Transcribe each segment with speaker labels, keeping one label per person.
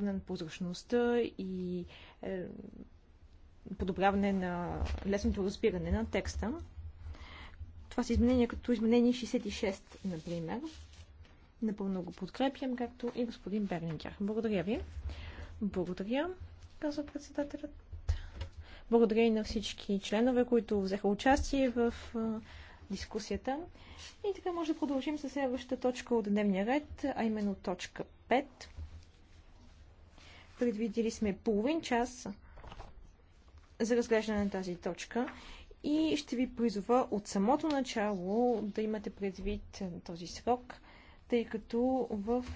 Speaker 1: на прозрачността и е, подобряване на лесното разбиране на текста. Това са изменения като изменение 66, например. Напълно го подкрепям, както и господин Бернингер. Благодаря ви. Благодаря, казва председателят. Благодаря и на всички членове, които взеха участие в е, дискусията. И така може да продължим с следващата точка от дневния ред, а именно точка 5. Предвидели сме половин час за разглеждане на тази точка и ще ви призова от самото начало да имате предвид е, този срок, тъй като в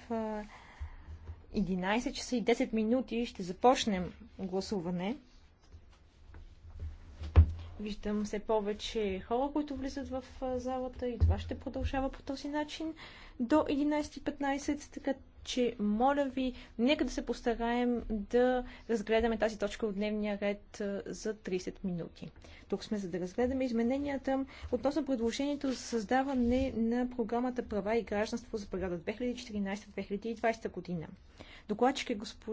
Speaker 1: 11 е, часа и 10 минути ще започнем гласуване. Виждам все повече хора, които влизат в е, залата и това ще продължава по този начин до 11.15, така че моля ви, нека да се постараем да разгледаме тази точка от дневния ред за 30 минути. Тук сме за да разгледаме измененията относно предложението за създаване на програмата Права и гражданство за периода 2014-2020 година. Докладчик е госпо...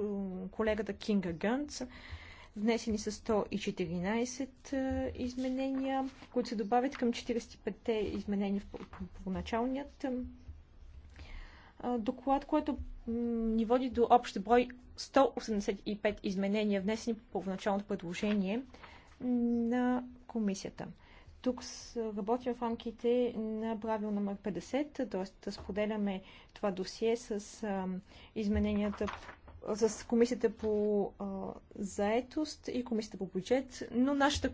Speaker 1: колегата Кинга Гънц. Внесени са 114 изменения, които се добавят към 45-те изменения в поначалният доклад, който ни води до общ брой 185 изменения, внесени по първоначалното предложение на комисията. Тук работим в рамките на правил номер 50, т.е. споделяме това досие с измененията с комисията по а, заетост и комисията по бюджет, но нашата,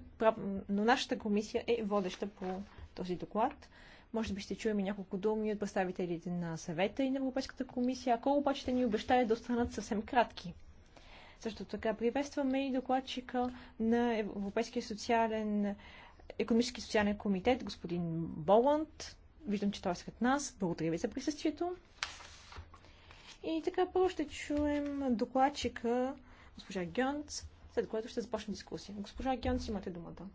Speaker 1: но нашата комисия е водеща по този доклад. Може би ще чуем и няколко думи от представителите на съвета и на Европейската комисия, ако обаче те ни обещали да останат съвсем кратки. Също така приветстваме и докладчика на Европейския социален економически и социален комитет, господин Боланд. Виждам, че той е сред нас. Благодаря ви за присъствието. И така първо ще чуем докладчика, госпожа Гьонц, след което ще започне дискусия. Госпожа Гьонц, имате думата.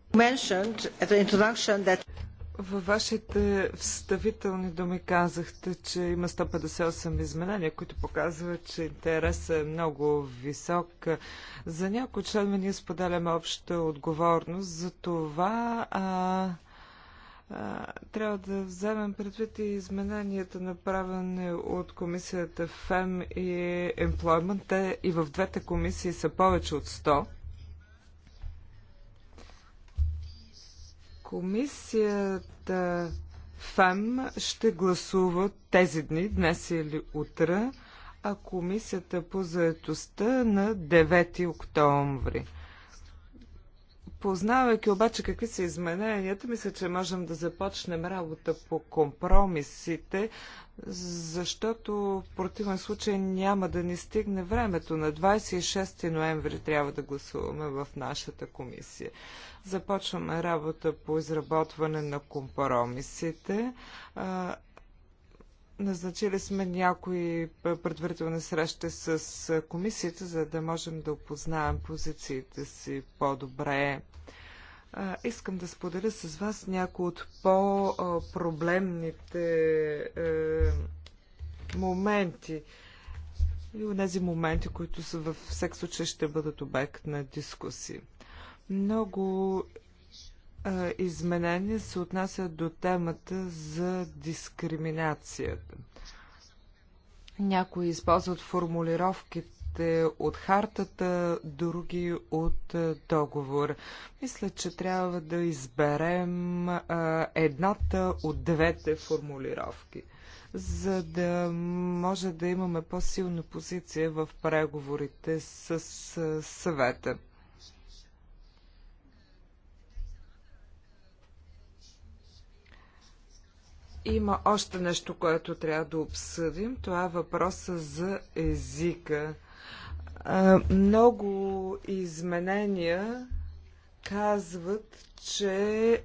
Speaker 2: Във вашите вставителни думи казахте, че има 158 изменения, които показват, че интересът е много висок. За някои членове ние споделяме обща отговорност. За това а, а, трябва да вземем предвид и измененията, направени от комисията FEM и Employment. Те и в двете комисии са повече от 100. Комисията ФЕМ ще гласува тези дни, днес или утре, а Комисията по заедостта на 9 октомври. Познавайки обаче какви са измененията, мисля, че можем да започнем работа по компромисите, защото в противен случай няма да ни стигне времето. На 26 ноември трябва да гласуваме в нашата комисия. Започваме работа по изработване на компромисите. Назначили сме някои предварителни срещи с комисията, за да можем да опознаем позициите си по-добре. Искам да споделя с вас някои от по-проблемните моменти и от тези моменти, които са във всеки случай ще бъдат обект на дискусии. Много изменение се отнася до темата за дискриминацията. Някои използват формулировките от хартата, други от договор. Мисля, че трябва да изберем едната от двете формулировки, за да може да имаме по-силна позиция в преговорите с съвета. Има още нещо, което трябва да обсъдим. Това е въпроса за езика. Много изменения казват, че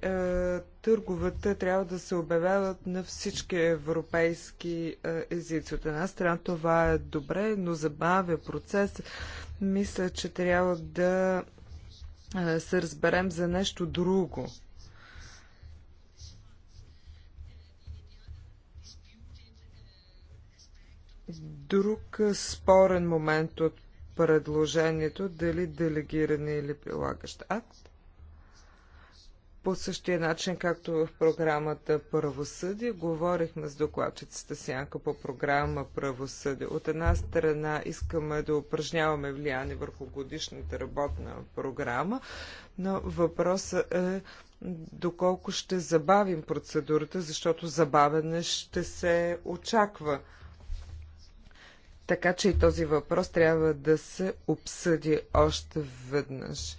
Speaker 2: търговата трябва да се обявяват на всички европейски езици. От една страна това е добре, но забавя процес. Мисля, че трябва да се разберем за нещо друго. друг спорен момент от предложението, дали делегиране или прилагащ акт. По същия начин, както в програмата Правосъди, говорихме с докладчицата Сянка по програма Правосъди. От една страна искаме да упражняваме влияние върху годишната работна програма, но въпросът е доколко ще забавим процедурата, защото забавене ще се очаква. Така че и този въпрос трябва да се обсъди още веднъж.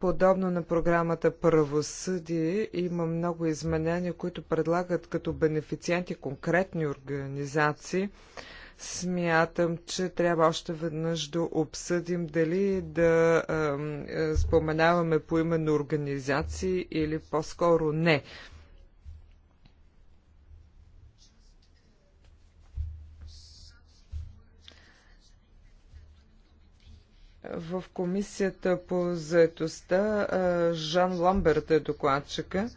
Speaker 2: Подобно на програмата Правосъдие има много изменения, които предлагат като бенефициенти конкретни организации. Смятам, че трябва още веднъж да обсъдим дали да е, е, споменаваме поименно организации или по-скоро не. В комисията по заетостта Жан Ламберт е докладчика.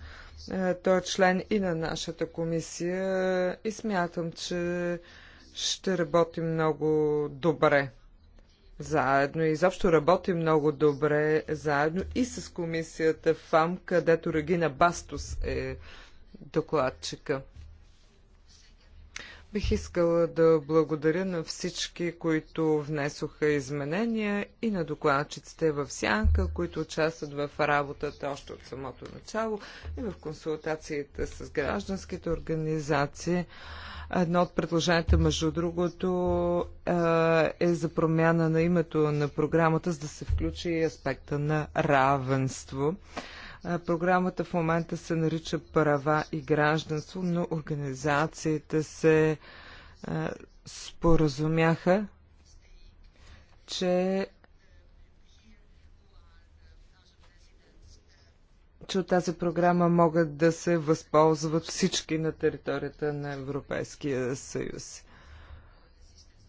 Speaker 2: Той е член и на нашата комисия и смятам, че ще работим много добре заедно. и Изобщо работим много добре заедно и с комисията ФАМ, където Регина Бастус е докладчика. Бих искала да благодаря на всички, които внесоха изменения и на докладчиците в Сянка, които участват в работата още от самото начало и в консултациите с гражданските организации. Едно от предложенията, между другото, е, е за промяна на името на програмата, за да се включи аспекта на равенство. Програмата в момента се нарича Права и гражданство, но организациите се споразумяха, че че от тази програма могат да се възползват всички на територията на Европейския съюз.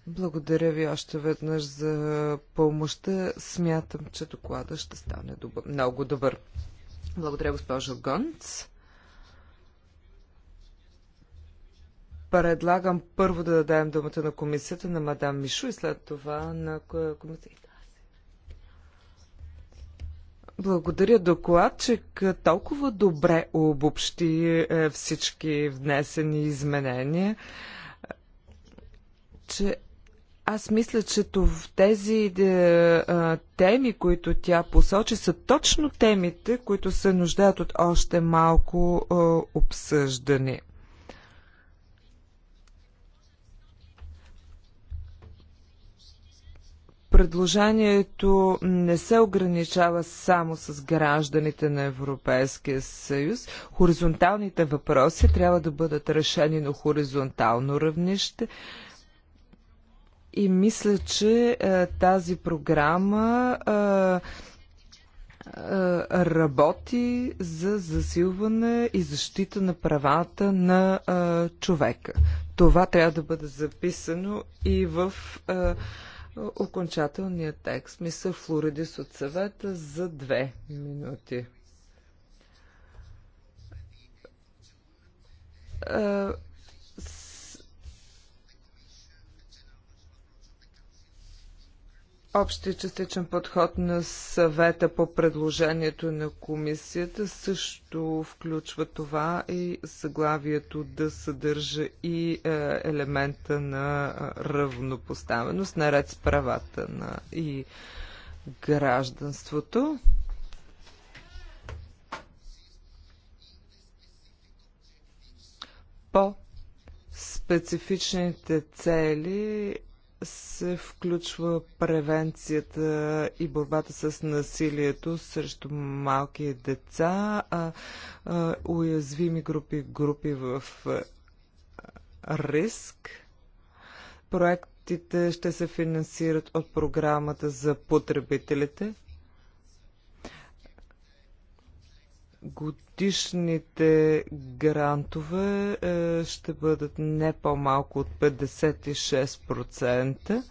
Speaker 2: Благодаря ви още веднъж за помощта. Смятам, че доклада ще стане добър, много добър. Благодаря, госпожо Гонц. Предлагам първо да дадем думата на комисията на мадам Мишу и след това на комисията. Благодаря докладчик. Толкова добре обобщи е, всички внесени изменения, че аз мисля, че в тези а, теми, които тя посочи, са точно темите, които се нуждаят от още малко а, обсъждане. предложението не се ограничава само с гражданите на Европейския съюз. Хоризонталните въпроси трябва да бъдат решени на хоризонтално равнище. И мисля, че а, е, тази програма а, е, е, работи за засилване и защита на правата на а, човека. Това трябва да бъде записано и в а, окончателния текст. Мисля Флоридис от съвета за две минути. А, Общия частичен подход на съвета по предложението на комисията също включва това и заглавието да съдържа и е, елемента на е, равнопоставеност, наред с правата на и гражданството. По специфичните цели се включва превенцията и борбата с насилието срещу малки деца, а, а, уязвими групи, групи в а, риск. Проектите ще се финансират от програмата за потребителите. годишните грантове е, ще бъдат не по-малко от 56%.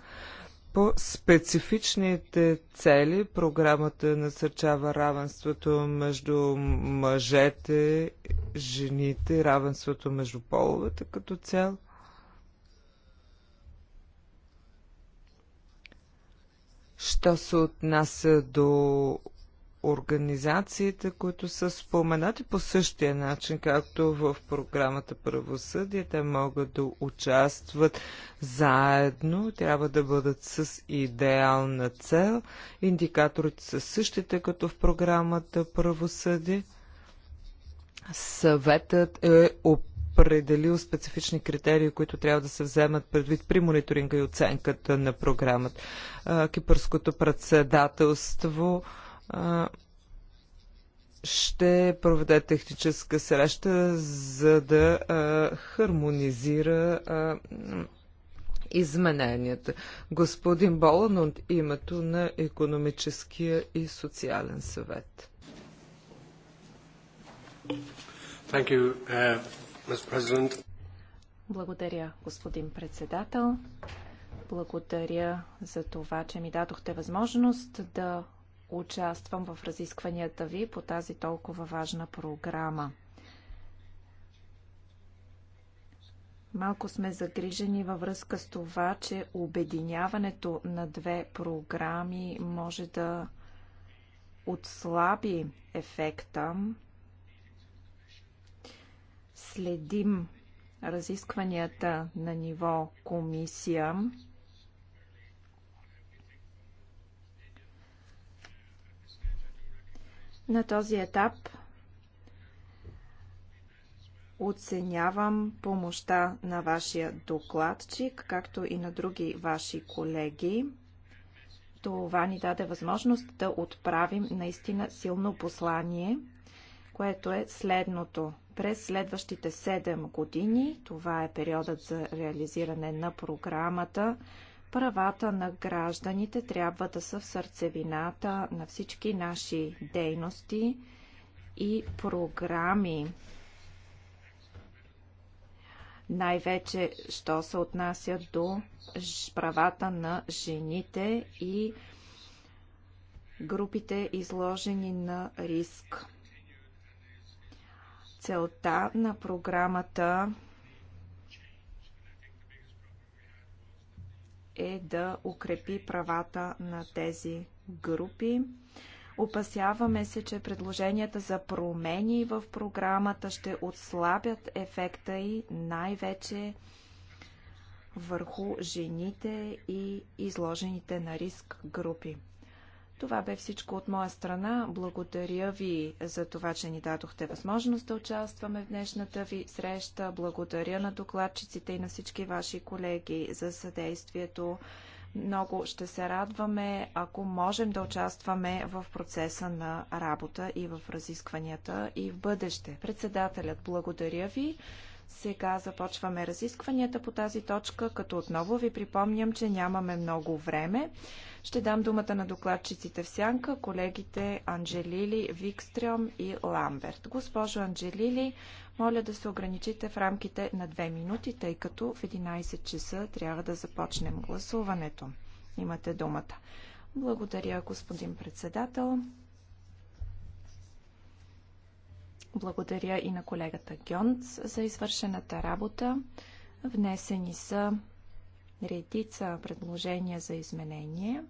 Speaker 2: По специфичните цели програмата насърчава равенството между мъжете, жените, равенството между половете като цяло. Що се отнася до организациите, които са споменати по същия начин, както в програмата Правосъдие. Те могат да участват заедно, трябва да бъдат с идеална цел. Индикаторите са същите, като в програмата Правосъдие. Съветът е определил специфични критерии, които трябва да се вземат предвид при мониторинга и оценката на програмата. Кипърското председателство ще проведе техническа среща, за да а, хармонизира а, измененията. Господин Болан от името на економическия и социален съвет. Thank you, uh, Mr. President.
Speaker 3: Благодаря, господин председател. Благодаря за това, че ми дадохте възможност да участвам в разискванията ви по тази толкова важна програма. Малко сме загрижени във връзка с това, че обединяването на две програми може да отслаби ефекта. Следим разискванията на ниво комисия На този етап оценявам помощта на вашия докладчик, както и на други ваши колеги. Това ни даде възможност да отправим наистина силно послание, което е следното. През следващите 7 години, това е периодът за реализиране на програмата, Правата на гражданите трябва да са в сърцевината на всички наши дейности и програми. Най-вече, що се отнася до правата на жените и групите изложени на риск. Целта на програмата е да укрепи правата на тези групи. Опасяваме се, че предложенията за промени в програмата ще отслабят ефекта и най-вече върху жените и изложените на риск групи. Това бе всичко от моя страна. Благодаря ви за това, че ни дадохте възможност да участваме в днешната ви среща. Благодаря на докладчиците и на всички ваши колеги за съдействието. Много ще се радваме, ако можем да участваме в процеса на работа и в разискванията и в бъдеще. Председателят, благодаря ви. Сега започваме разискванията по тази точка, като отново ви припомням, че нямаме много време. Ще дам думата на докладчиците в сянка, колегите Анджелили, Викстрем и Ламберт. Госпожо Анджелили, моля да се ограничите в рамките на две минути, тъй като в 11 часа трябва да започнем гласуването. Имате думата. Благодаря, господин председател. Благодаря и на колегата Гьонц за извършената работа. Внесени са редица предложения за изменение,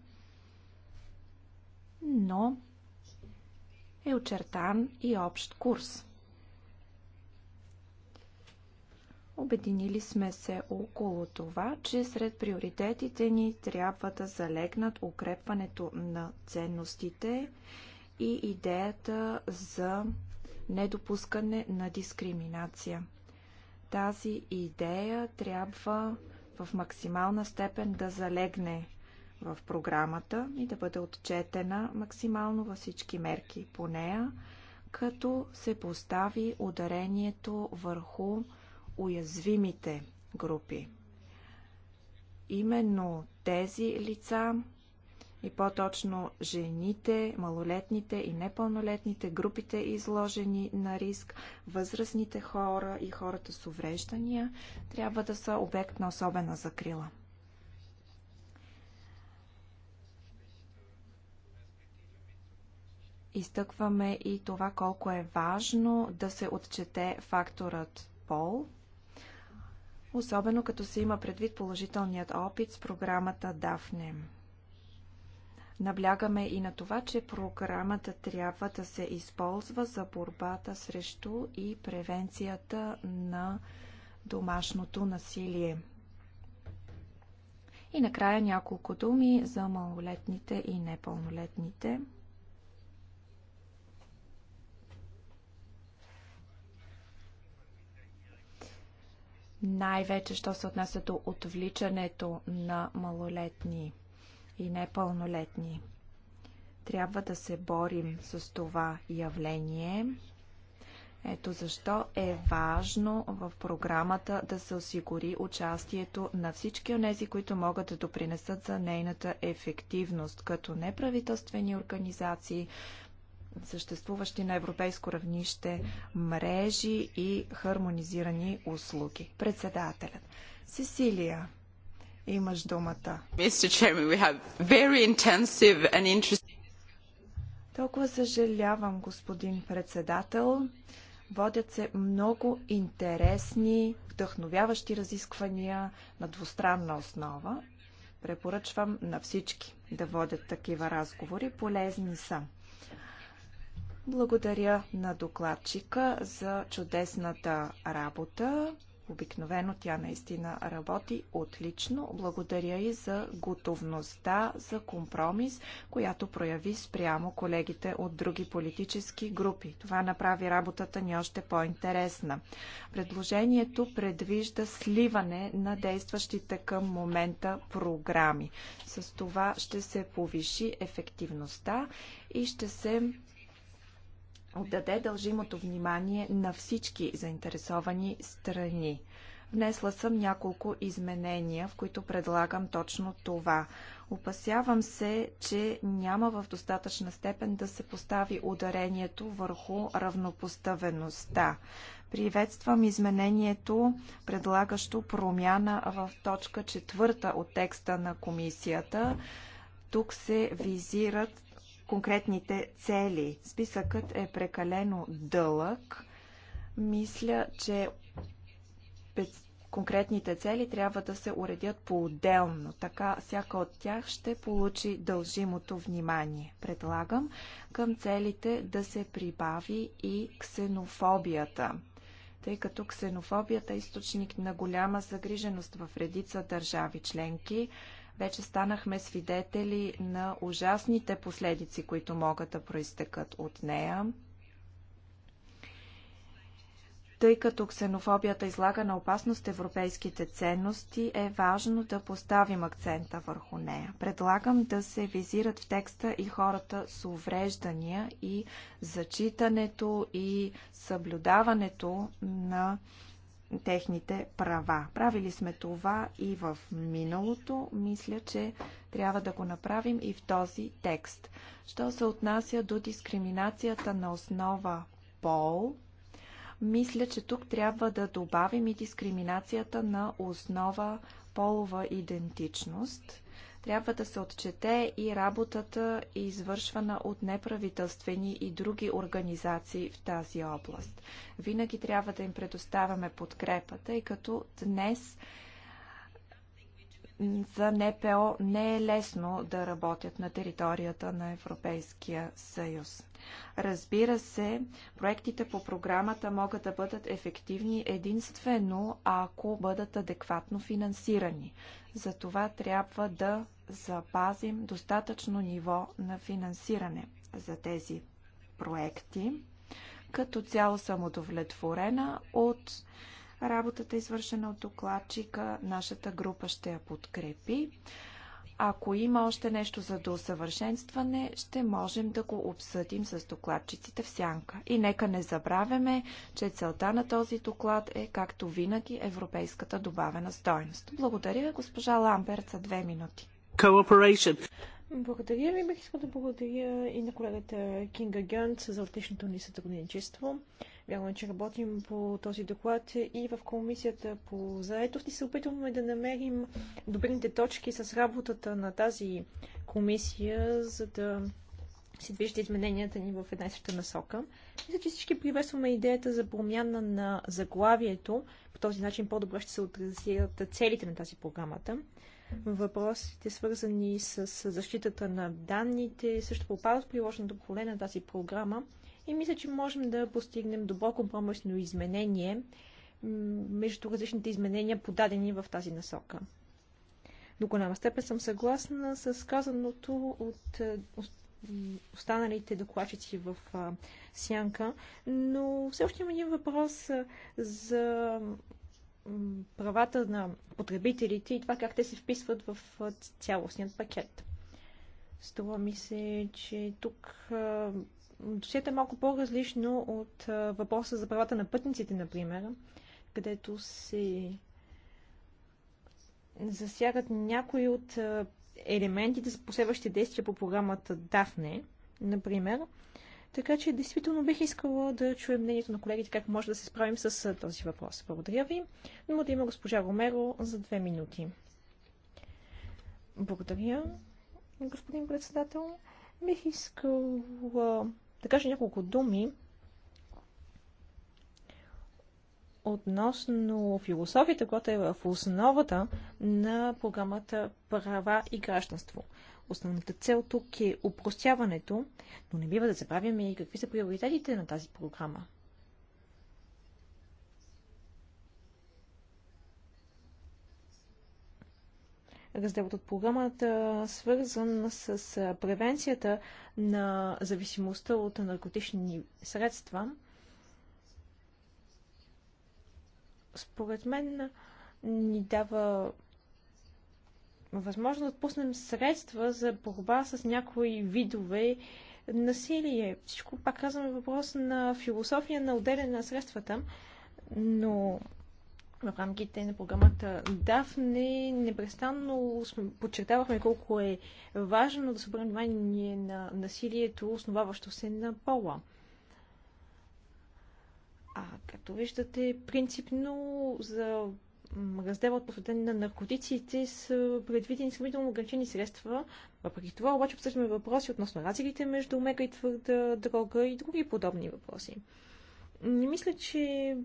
Speaker 3: но е очертан и общ курс. Обединили сме се около това, че сред приоритетите ни трябва да залегнат укрепването на ценностите и идеята за недопускане на дискриминация. Тази идея трябва в максимална степен да залегне в програмата и да бъде отчетена максимално във всички мерки по нея, като се постави ударението върху уязвимите групи. Именно тези лица и по-точно жените, малолетните и непълнолетните, групите изложени на риск, възрастните хора и хората с увреждания трябва да са обект на особена закрила. Изтъкваме и това колко е важно да се отчете факторът пол, особено като се има предвид положителният опит с програмата DAFNEM. Наблягаме и на това, че програмата трябва да се използва за борбата срещу и превенцията на домашното насилие. И накрая няколко думи за малолетните и непълнолетните. Най-вече, що се отнася до отвличането на малолетни и непълнолетни. Трябва да се борим с това явление. Ето защо е важно в програмата да се осигури участието на всички от тези, които могат да допринесат за нейната ефективност, като неправителствени организации, съществуващи на европейско равнище мрежи и хармонизирани услуги. Председателят Сесилия, Имаш думата. Толкова съжалявам, господин председател. Водят се много интересни, вдъхновяващи разисквания на двустранна основа. Препоръчвам на всички да водят такива разговори. Полезни са. Благодаря на докладчика за чудесната работа. Обикновено тя наистина работи отлично. Благодаря и за готовността за компромис, която прояви спрямо колегите от други политически групи. Това направи работата ни още по-интересна. Предложението предвижда сливане на действащите към момента програми. С това ще се повиши ефективността и ще се отдаде дължимото внимание на всички заинтересовани страни. Внесла съм няколко изменения, в които предлагам точно това. Опасявам се, че няма в достатъчна степен да се постави ударението върху равнопоставеността. Приветствам изменението, предлагащо промяна в точка четвърта от текста на комисията. Тук се визират конкретните цели. Списъкът е прекалено дълъг. Мисля, че конкретните цели трябва да се уредят по-отделно. Така всяка от тях ще получи дължимото внимание. Предлагам към целите да се прибави и ксенофобията тъй като ксенофобията е източник на голяма загриженост в редица държави членки. Вече станахме свидетели на ужасните последици, които могат да проистекат от нея. Тъй като ксенофобията излага на опасност европейските ценности, е важно да поставим акцента върху нея. Предлагам да се визират в текста и хората с увреждания и зачитането и съблюдаването на техните права. Правили сме това и в миналото. Мисля, че трябва да го направим и в този текст. Що се отнася до дискриминацията на основа пол, мисля, че тук трябва да добавим и дискриминацията на основа полова идентичност трябва да се отчете и работата, извършвана от неправителствени и други организации в тази област. Винаги трябва да им предоставяме подкрепата, и като днес за НПО не е лесно да работят на територията на Европейския съюз. Разбира се, проектите по програмата могат да бъдат ефективни единствено, ако бъдат адекватно финансирани. Затова трябва да запазим достатъчно ниво на финансиране за тези проекти. Като цяло съм удовлетворена от Работата е извършена от докладчика. Нашата група ще я подкрепи. Ако има още нещо за доусъвършенстване, ще можем да го обсъдим с докладчиците в сянка. И нека не забравяме, че целта на този доклад е, както винаги, европейската добавена стойност. Благодаря, госпожа Ламберт, за две минути.
Speaker 1: Благодаря ви. Бих искал да благодаря и на колегата Кинга Гюнт за отличното ни сътрудничество. Вярно, е, че работим по този доклад и в комисията по заетост и се опитваме да намерим добрите точки с работата на тази комисия, за да се движат измененията ни в една и съща насока. Мисля, че всички приветстваме идеята за промяна на заглавието. По този начин по-добре ще се отразят целите на тази програмата. Въпросите, свързани с защитата на данните, също попадат в приложеното поле на тази програма и мисля, че можем да постигнем добро компромисно изменение между различните изменения, подадени в тази насока. До голяма степен съм съгласна с казаното от е, останалите докладчици в сянка, но все още има един въпрос е, за правата на потребителите и това как те се вписват в цялостният пакет. Струва ми се, че тук досието е малко по-различно от въпроса за правата на пътниците, например, където се засягат някои от елементите за последващи действия по програмата DAFNE, например. Така че, действително бих искала да чуем мнението на колегите как може да се справим с този въпрос. Благодаря ви. Но да има госпожа Ромеро за две минути. Благодаря, господин председател. Бих искала да кажа няколко думи относно философията, която е в основата на програмата Права и гражданство. Основната цел тук е упростяването, но не бива да забравяме и какви са приоритетите на тази програма. разделът от програмата, свързан с превенцията на зависимостта от наркотични средства. Според мен ни дава възможност да отпуснем средства за борба с някои видове насилие. Всичко, пак казваме въпрос на философия на отделяне на средствата, но в рамките на програмата Дафне непрестанно подчертавахме колко е важно да се обърне внимание на насилието, основаващо се на пола. А като виждате, принципно за от посветен на наркотиците са предвидени сравнително ограничени средства. Въпреки това обаче обсъждаме въпроси относно разликите между мега и твърда дрога и други подобни въпроси. Не мисля, че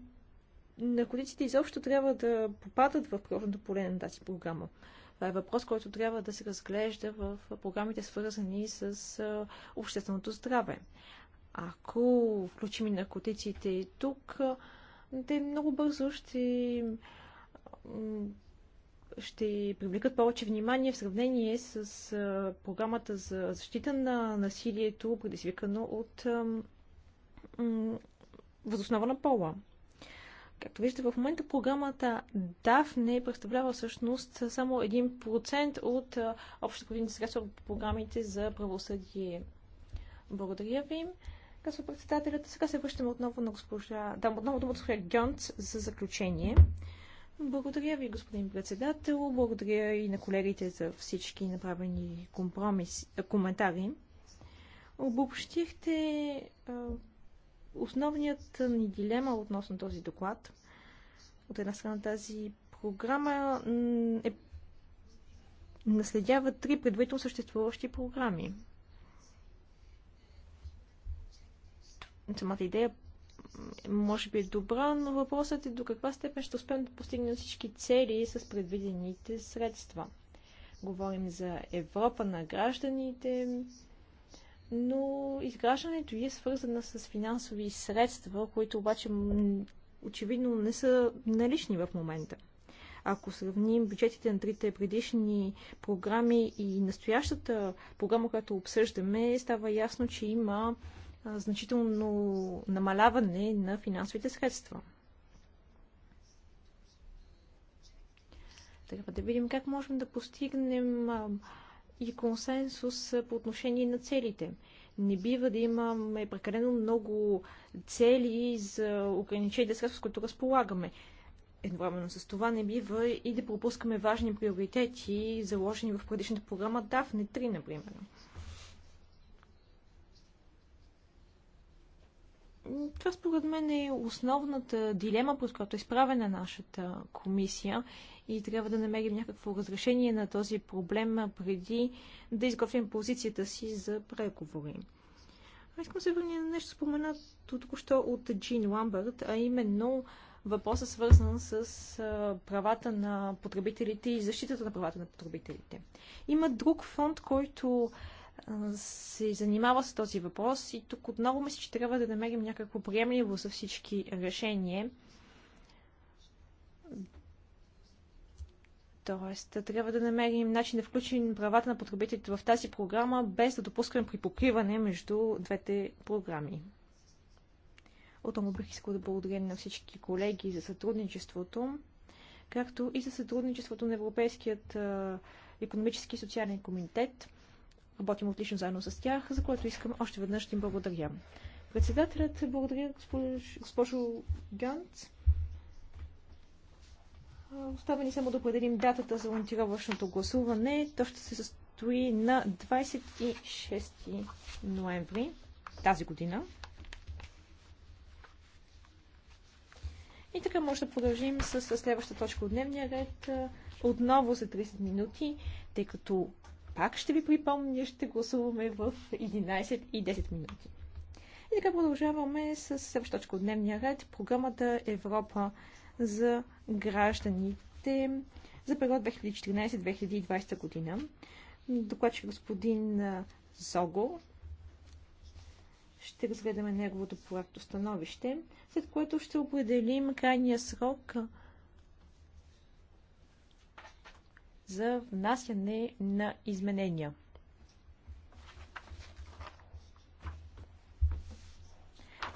Speaker 1: наркотиците изобщо трябва да попадат в природното поле на тази програма. Това е въпрос, който трябва да се разглежда в програмите, свързани с общественото здраве. Ако включим и наркотиците и тук, те много бързо ще ще привлекат повече внимание в сравнение с програмата за защита на насилието, предизвикано от възоснова на пола. Както виждате, в момента програмата не представлява всъщност само 1% от общите години средства по програмите за правосъдие. Благодаря ви, казва председателят. Сега се връщаме отново на госпожа... Да, отново думата госпожа Гьонц за заключение. Благодаря ви, господин председател. Благодаря и на колегите за всички направени компромиси, коментари. Обобщихте Основният ни дилема относно този доклад, от една страна тази програма е наследява три предварително съществуващи програми. Самата идея може би е добра, но въпросът е до каква степен ще успеем да постигнем всички цели с предвидените средства. Говорим за Европа на гражданите, но изграждането ѝ е свързана с финансови средства, които обаче очевидно не са налични в момента. Ако сравним бюджетите на трите предишни програми и настоящата програма, която обсъждаме, става ясно, че има значително намаляване на финансовите средства. Трябва да видим как можем да постигнем и консенсус по отношение на целите. Не бива да имаме прекалено много цели за ограничените средства, с които разполагаме. Едновременно с това не бива и да пропускаме важни приоритети, заложени в предишната програма DAFNE 3, например. Това според мен е основната дилема, под която е изправена нашата комисия и трябва да намерим някакво разрешение на този проблем преди да изготвим позицията си за преговори. А искам се върна на нещо споменато току-що от Джин Ламбърт, а именно въпроса свързан с правата на потребителите и защитата на правата на потребителите. Има друг фонд, който се занимава с този въпрос и тук отново мисля, че трябва да намерим някакво приемливо за всички решение. Тоест, трябва да намерим начин да включим правата на потребителите в тази програма, без да допускаме припокриване между двете програми. Отново бих искал да благодаря на всички колеги за сътрудничеството, както и за сътрудничеството на Европейският економически и социален комитет – Работим отлично заедно с тях, за което искам още веднъж да им благодаря. Председателят, благодаря госпожо Гант. Остава ни само да определим датата за ориентировъчното гласуване. То ще се състои на 26 ноември тази година. И така може да продължим с следващата точка от дневния ред отново за 30 минути, тъй като пак ще ви припомня, ще гласуваме в 11 и 10 минути. И така продължаваме с следващата точка от дневния ред. Програмата Европа за гражданите за период 2014-2020 година. докладче господин Зого. Ще разгледаме неговото проекто становище, след което ще определим крайния срок за внасяне на изменения.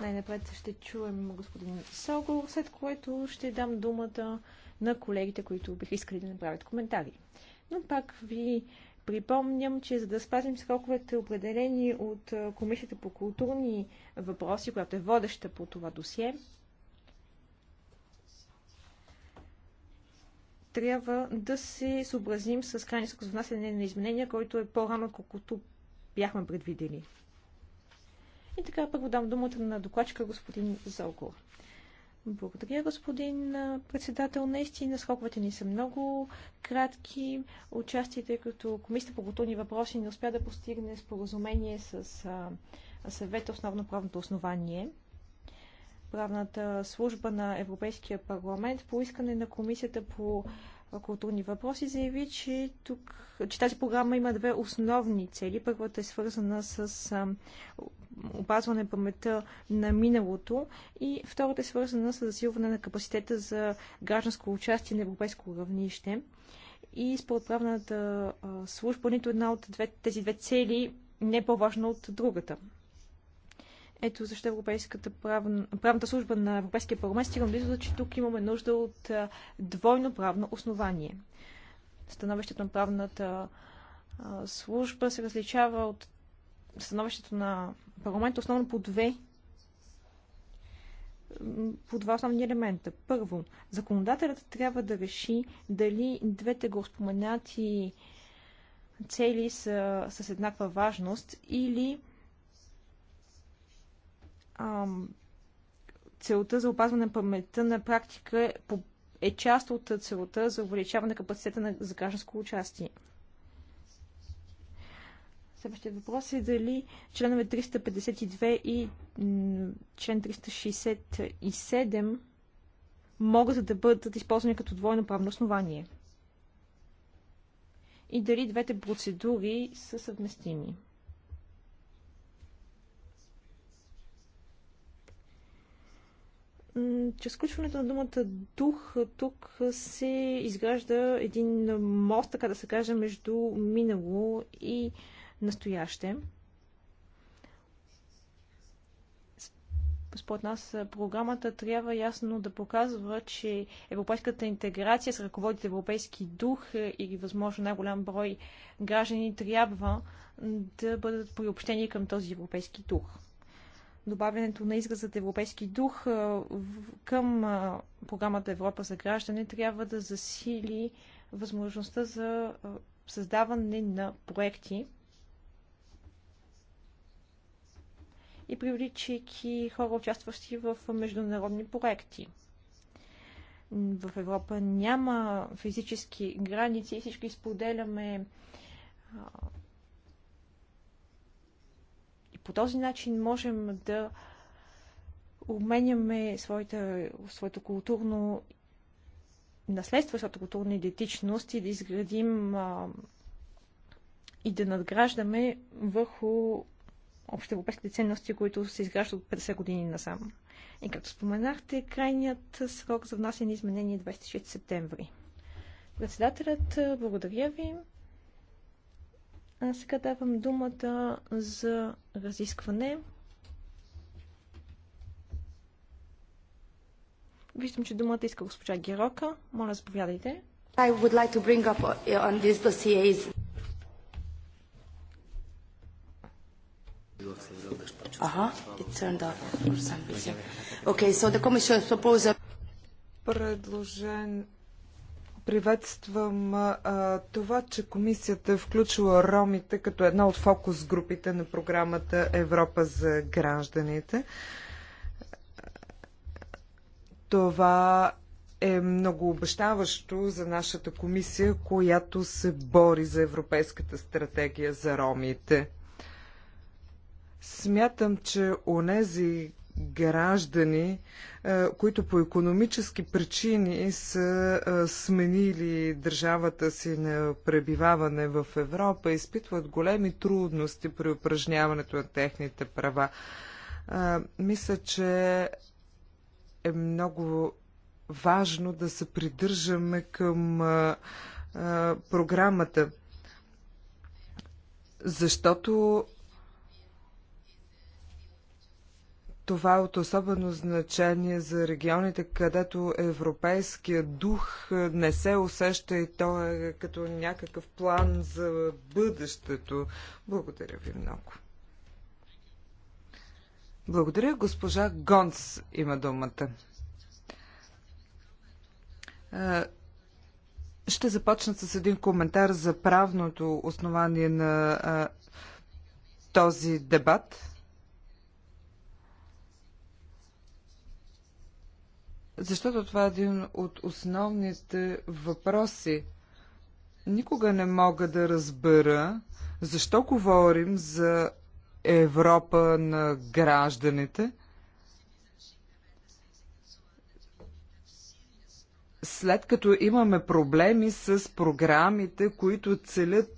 Speaker 1: Най-напред ще чуем господин Сого, след което ще дам думата на колегите, които биха искали да направят коментари. Но пак ви припомням, че за да спазим сроковете, определени от Комисията по културни въпроси, която е водеща по това досие, трябва да се съобразим с крайния срок за внасяне на изменения, който е по-рано, колкото бяхме предвидели. И така първо дам думата на докладчика господин Зогор. Благодаря, господин председател. Наистина сроковете ни са много кратки. Участие, тъй е като Комисията по културни въпроси не успя да постигне споразумение с съвета основно правното основание правната служба на Европейския парламент по искане на Комисията по културни въпроси заяви, че, тук, че тази програма има две основни цели. Първата е свързана с опазване паметта на миналото и втората е свързана с засилване на капацитета за гражданско участие на европейско равнище. И според правната служба нито една от две, тези две цели не е по-важна от другата. Ето защо Европейската правна, правната служба на Европейския парламент стигна до че тук имаме нужда от двойно правно основание. Становището на правната служба се различава от становището на парламента основно по две по два основни елемента. Първо, законодателят трябва да реши дали двете го споменати цели са с еднаква важност или целта за опазване на паметта на практика е, е част от целта за увеличаване на капацитета на, за гражданско участие. Следващия въпрос е дали членове 352 и член 367 могат да бъдат използвани като двойно правно основание. И дали двете процедури са съвместими. Че сключването на думата дух, тук се изгражда един мост, така да се каже, между минало и настояще. Според нас програмата трябва ясно да показва, че европейската интеграция с ръководите европейски дух или възможно най-голям брой граждани трябва да бъдат приобщени към този европейски дух добавянето на изразът европейски дух към програмата Европа за граждане трябва да засили възможността за създаване на проекти и привличайки хора, участващи в международни проекти. В Европа няма физически граници и всички споделяме по този начин можем да обменяме своята, своето културно наследство, своята културна идентичност и да изградим а, и да надграждаме върху общоевропейските ценности, които се изграждат от 50 години насам. И като споменахте, крайният срок за внасяне изменение е 26 септември. Председателят, благодаря ви. А сега давам думата за разискване. Виждам, че думата иска госпожа Герока. Моля, заповядайте. I
Speaker 3: would like to bring up on these dossiers.
Speaker 2: Aha, it turned off for some reason.
Speaker 3: Okay, so the commission
Speaker 2: proposal... Предложен, Приветствам а, това, че комисията е включила ромите като една от фокус групите на програмата Европа за гражданите. Това е много обещаващо за нашата комисия, която се бори за Европейската стратегия за ромите. Смятам, че онези граждани, е, които по економически причини са е, сменили държавата си на пребиваване в Европа, изпитват големи трудности при упражняването на техните права. Е, мисля, че е много важно да се придържаме към програмата, защото Това е от особено значение за регионите, където европейският дух не се усеща и то е като някакъв план за бъдещето. Благодаря ви много. Благодаря. Госпожа Гонц има думата. Е, ще започна с един коментар за правното основание на е, този дебат. защото това е един от основните въпроси. Никога не мога да разбера защо говорим за Европа на гражданите, след като имаме проблеми с програмите, които целят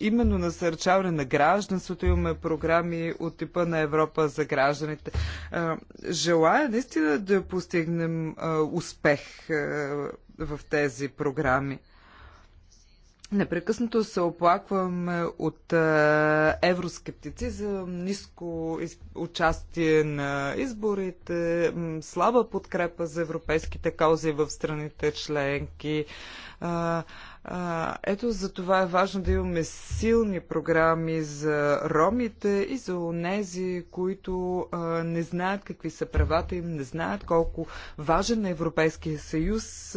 Speaker 2: именно насърчаване на гражданството. Имаме програми от типа на Европа за гражданите. Желая наистина да постигнем успех в тези програми. Непрекъснато се оплакваме от евроскептицизъм, ниско участие на изборите, слаба подкрепа за европейските каузи в страните членки ето за това е важно да имаме силни програми за ромите и за онези, които не знаят какви са правата им, не знаят колко важен е Европейския съюз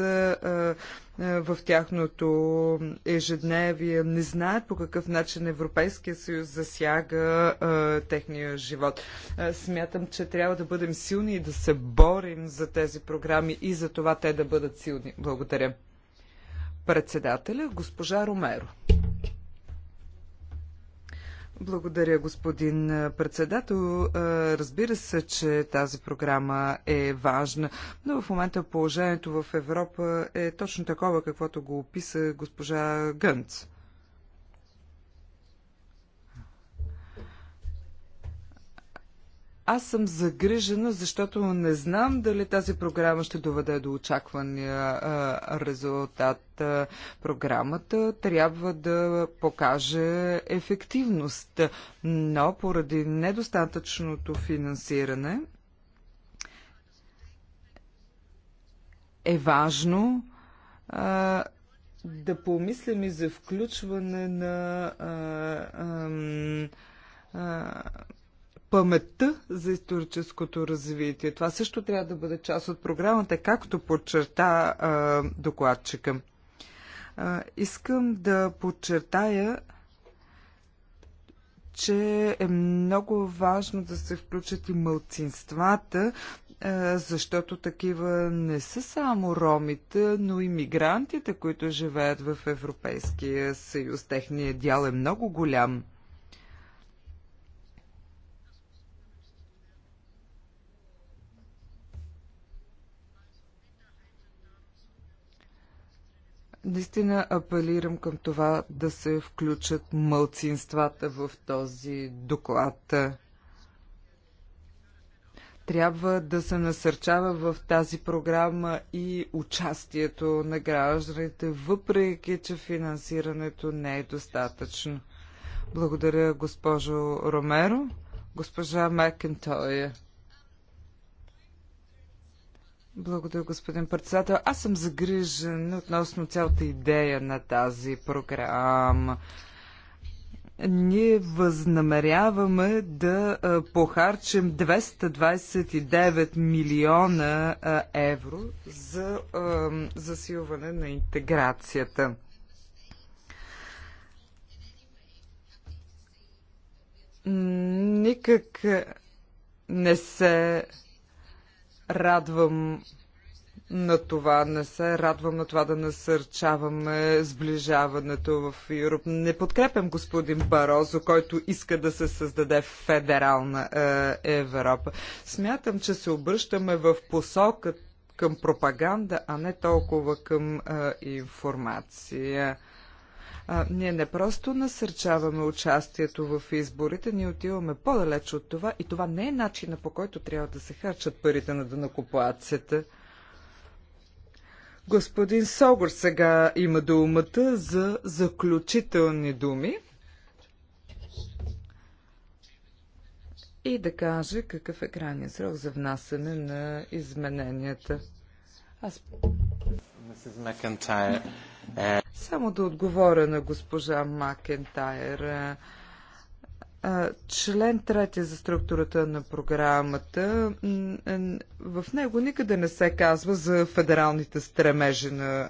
Speaker 2: в тяхното ежедневие, не знаят по какъв начин Европейския съюз засяга а, техния живот. А, смятам, че трябва да бъдем силни и да се борим за тези програми и за това те да бъдат силни. Благодаря председателя, госпожа Ромеро. Благодаря, господин председател. Разбира се, че тази програма е важна, но в момента положението в Европа е точно такова, каквото го описа госпожа Гънц. Аз съм загрижена, защото не знам дали тази програма ще доведе до очаквания резултат. Програмата трябва да покаже ефективност, но поради недостатъчното финансиране е важно а, да помислим и за включване на а, а, а, паметта за историческото развитие. Това също трябва да бъде част от програмата, както подчерта а, докладчика. А, искам да подчертая, че е много важно да се включат и мълцинствата, защото такива не са само ромите, но и мигрантите, които живеят в Европейския съюз. Техният дял е много голям. Наистина апелирам към това да се включат мълцинствата в този доклад. Трябва да се насърчава в тази програма и участието на гражданите, въпреки че финансирането не е достатъчно. Благодаря, госпожо Ромеро. Госпожа Макентоя. Благодаря, господин председател. Аз съм загрижен относно цялата идея на тази програма ние възнамеряваме да похарчим 229 милиона евро за засилване на интеграцията. Никак не се радвам на това, не се радвам на това да насърчаваме сближаването в Юруп. Не подкрепям господин Барозо, който иска да се създаде федерална е, Европа. Смятам, че се обръщаме в посока към пропаганда, а не толкова към е, информация. А, ние не просто насърчаваме участието в изборите, ние отиваме по-далеч от това и това не е начина по който трябва да се харчат парите на дънакоплаците. Господин Согор сега има думата за заключителни думи. и да каже какъв е крайният срок за внасяне на измененията. Аз... Е, Само да отговоря на госпожа Макентайр. Член 3 за структурата на програмата, в него никъде не се казва за федералните стремежи на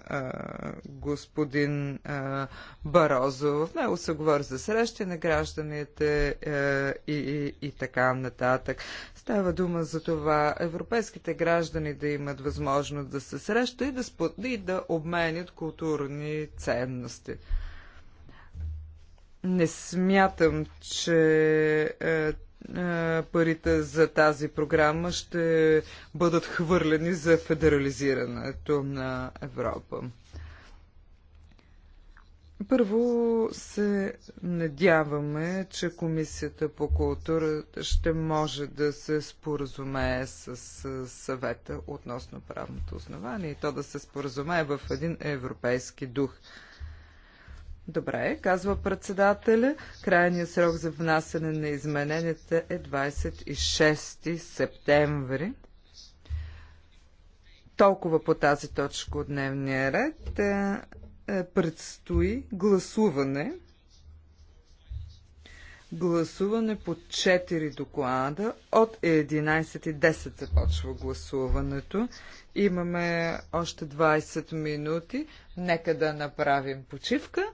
Speaker 2: господин Барозо. В него се говори за срещи на гражданите и, и, и така нататък. Става дума за това европейските граждани да имат възможност да се срещат и да, спод... и да обменят културни ценности. Не смятам, че е, е, парите за тази програма ще бъдат хвърлени за федерализирането на Европа. Първо се надяваме, че Комисията по култура ще може да се споразумее с съвета относно правното основание и то да се споразумее в един европейски дух. Добре, казва председателя. Крайният срок за внасяне на измененията е 26 септември. Толкова по тази точка от дневния ред. Е, е, предстои гласуване. Гласуване по 4 доклада. От 11.10 започва гласуването. Имаме още 20 минути. Нека да направим почивка.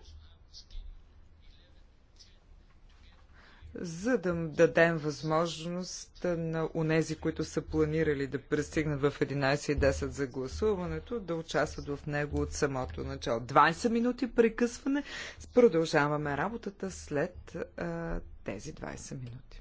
Speaker 2: за да дадем възможност на онези, които са планирали да пристигнат в 11.10 за гласуването, да участват в него от самото начало. 20 минути прекъсване. Продължаваме работата след а, тези 20 минути.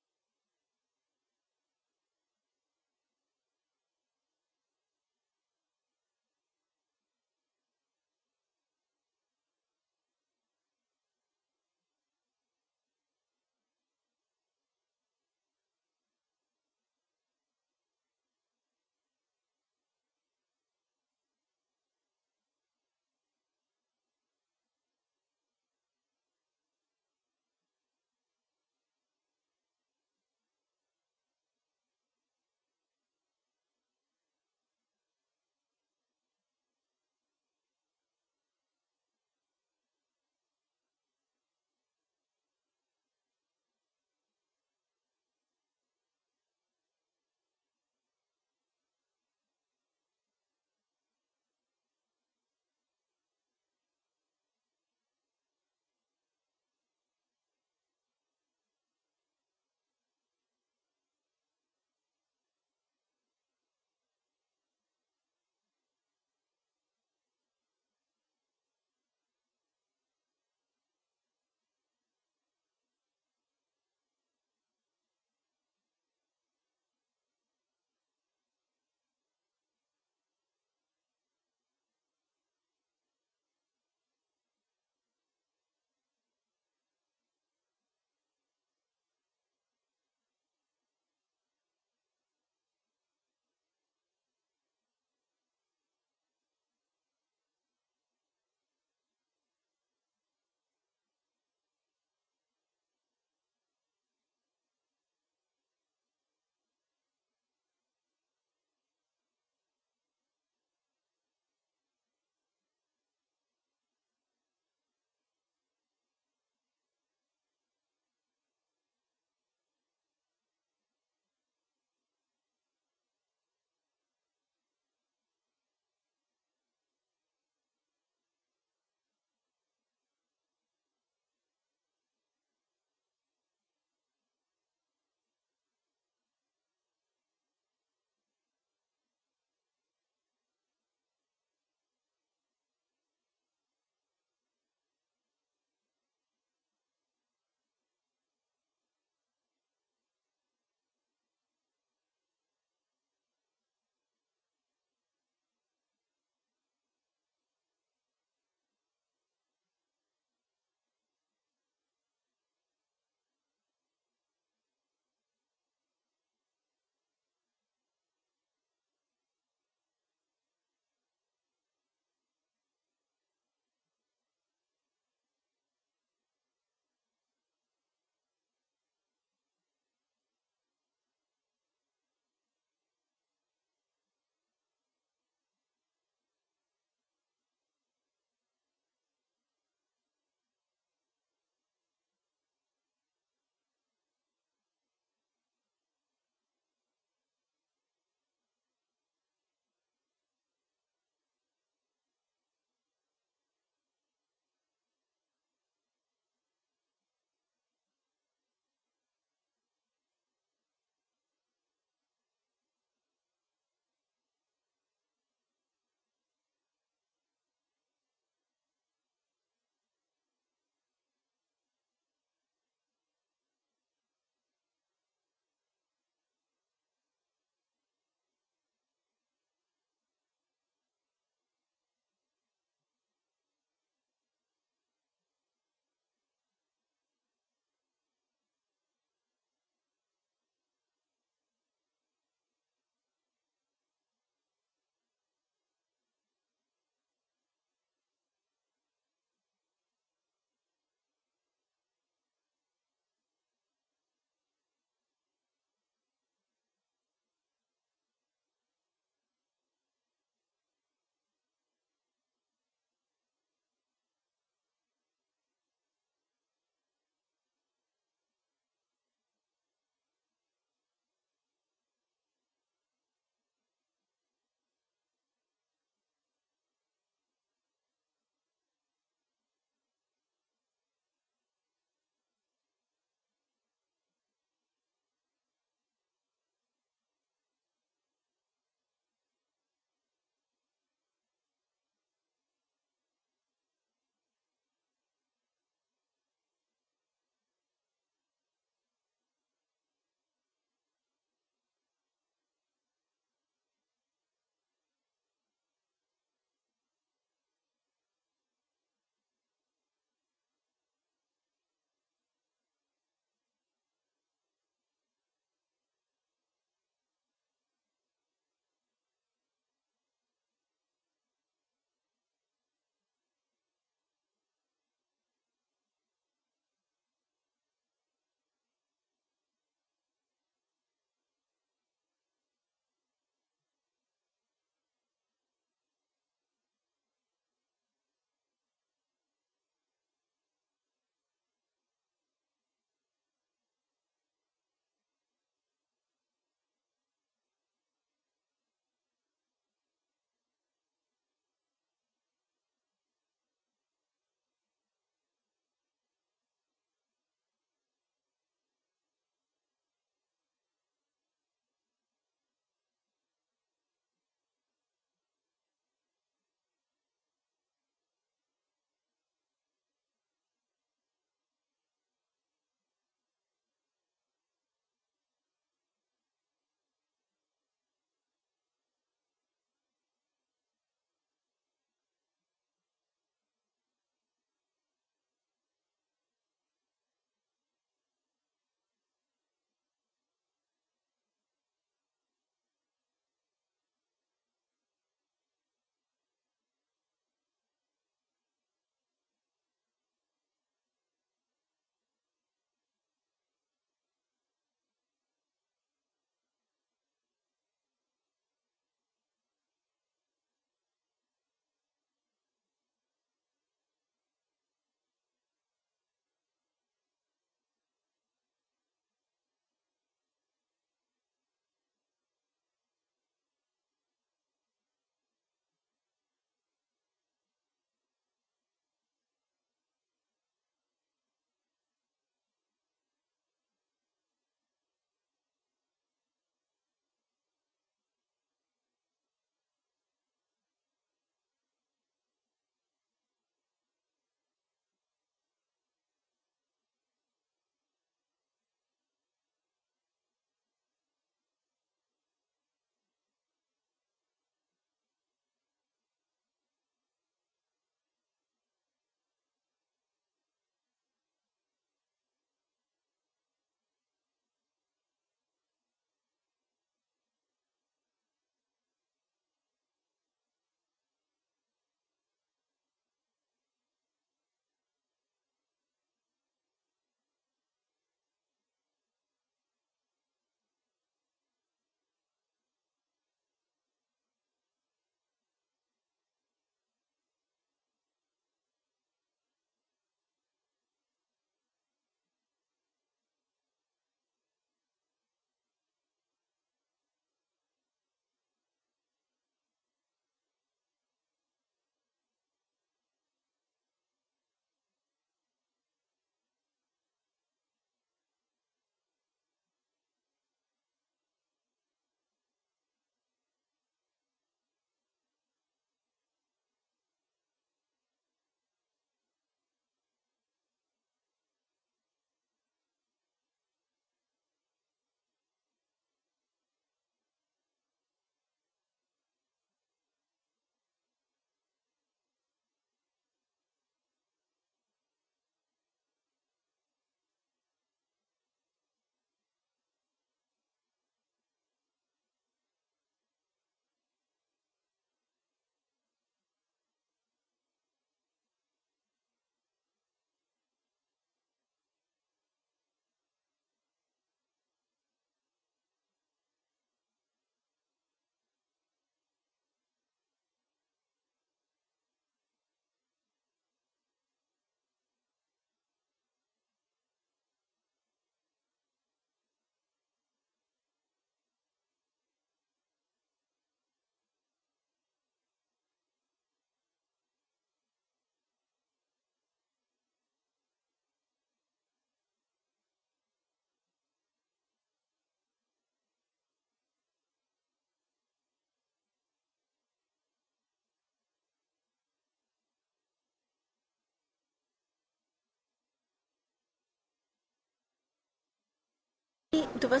Speaker 2: Това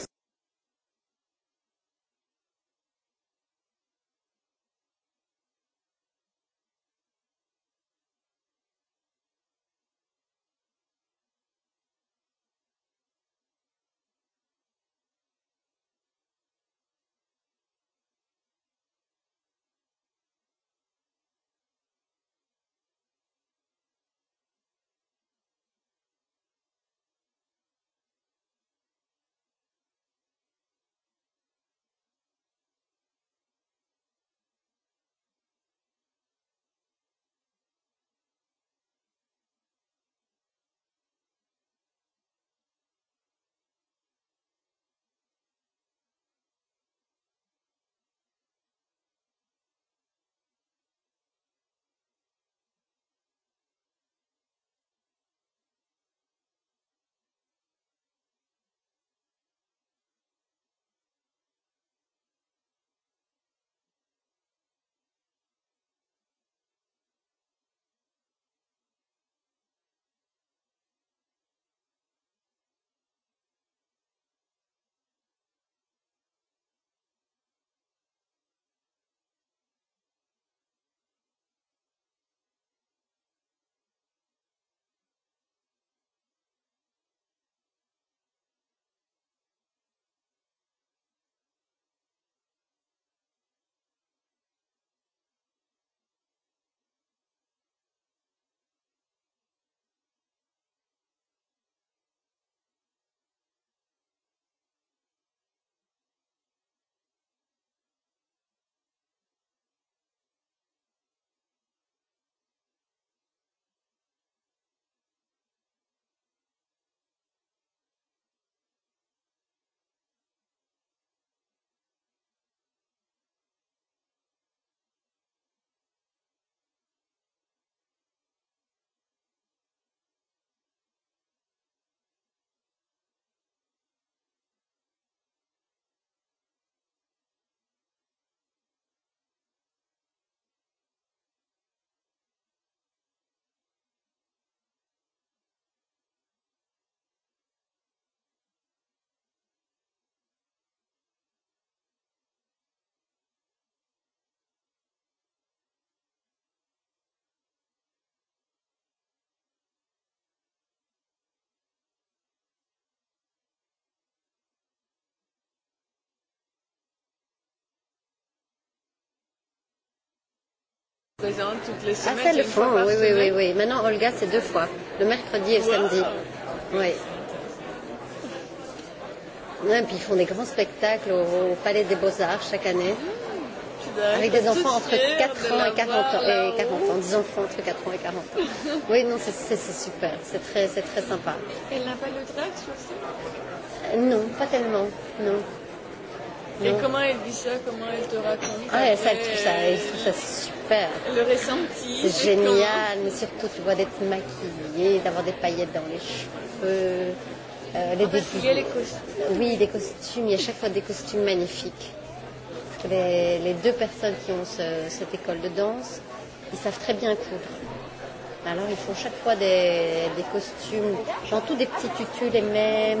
Speaker 2: présente toutes les semaines. Ah, ça le fond, oui, oui, oui, oui. Maintenant, Olga, c'est deux fois, le mercredi et le samedi. Oui. Et puis ils font des grands spectacles au, au Palais des Beaux-Arts chaque année.
Speaker 3: Avec des enfants entre 4 ans et 40 ans, et 40
Speaker 2: ans, des enfants entre 4 ans et 40 ans. Oui, non, c'est super, c'est très, très sympa.
Speaker 3: Elle n'a pas le drag sur ça Non,
Speaker 2: pas tellement, non. Et comment elle dit ça Comment elle te raconte Ah, elle, ça, elle trouve ça, elle trouve ça super. Le ressenti. C'est génial, mais surtout, tu vois, d'être maquillée, d'avoir des paillettes dans les cheveux.
Speaker 1: Euh, les déguisements. les
Speaker 2: costumes. Oui, des
Speaker 1: costumes. Il y a chaque fois des costumes magnifiques.
Speaker 2: les, les deux personnes qui ont ce, cette école de danse, ils savent très bien coudre. Alors, ils font chaque fois des, des costumes, genre tous des petits tutus les mêmes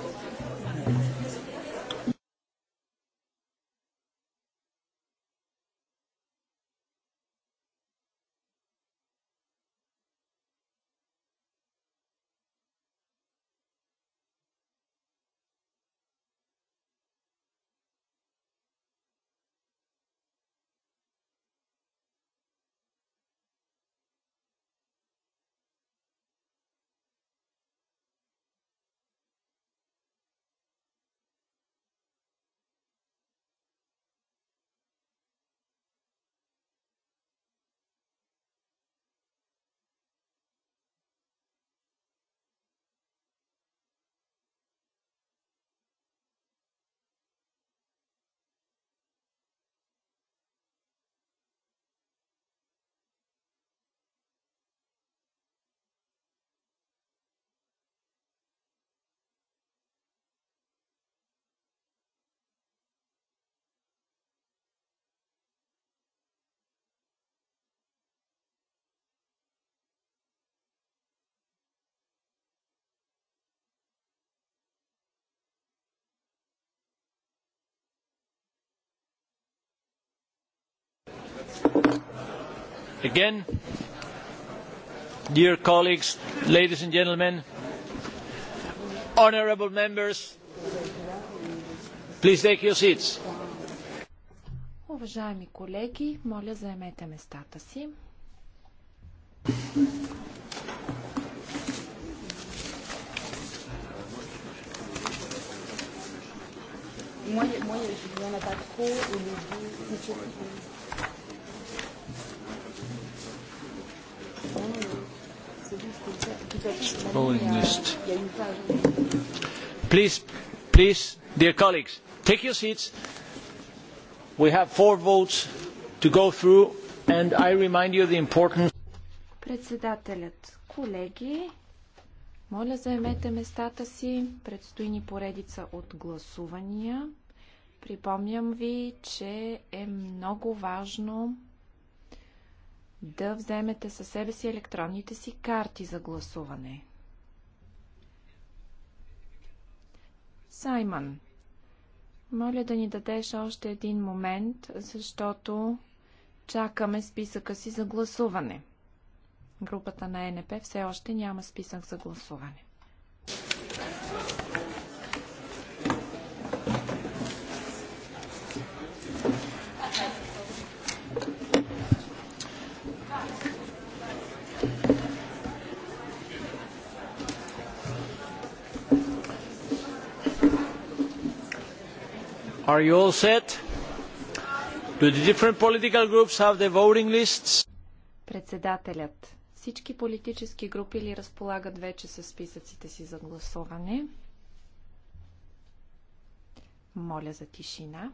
Speaker 3: again. Dear colleagues, ladies and gentlemen, honourable members, please take your seats. Уважаеми колеги, моля заемете местата си.
Speaker 2: Moi, moi, je viens à pas trop
Speaker 3: Председателят, колеги, моля заемете местата си. Предстои ни поредица от гласувания. Припомням ви, че е много важно да вземете със себе си електронните си карти за гласуване. Саймън, моля да ни дадеш още един момент, защото чакаме списъка си за гласуване. Групата на ЕНП все още няма списък за гласуване. Are you all set? Do the different political groups have the voting lists? Председателят. Всички политически групи ли разполагат вече със списъците си за гласуване? Моля за тишина.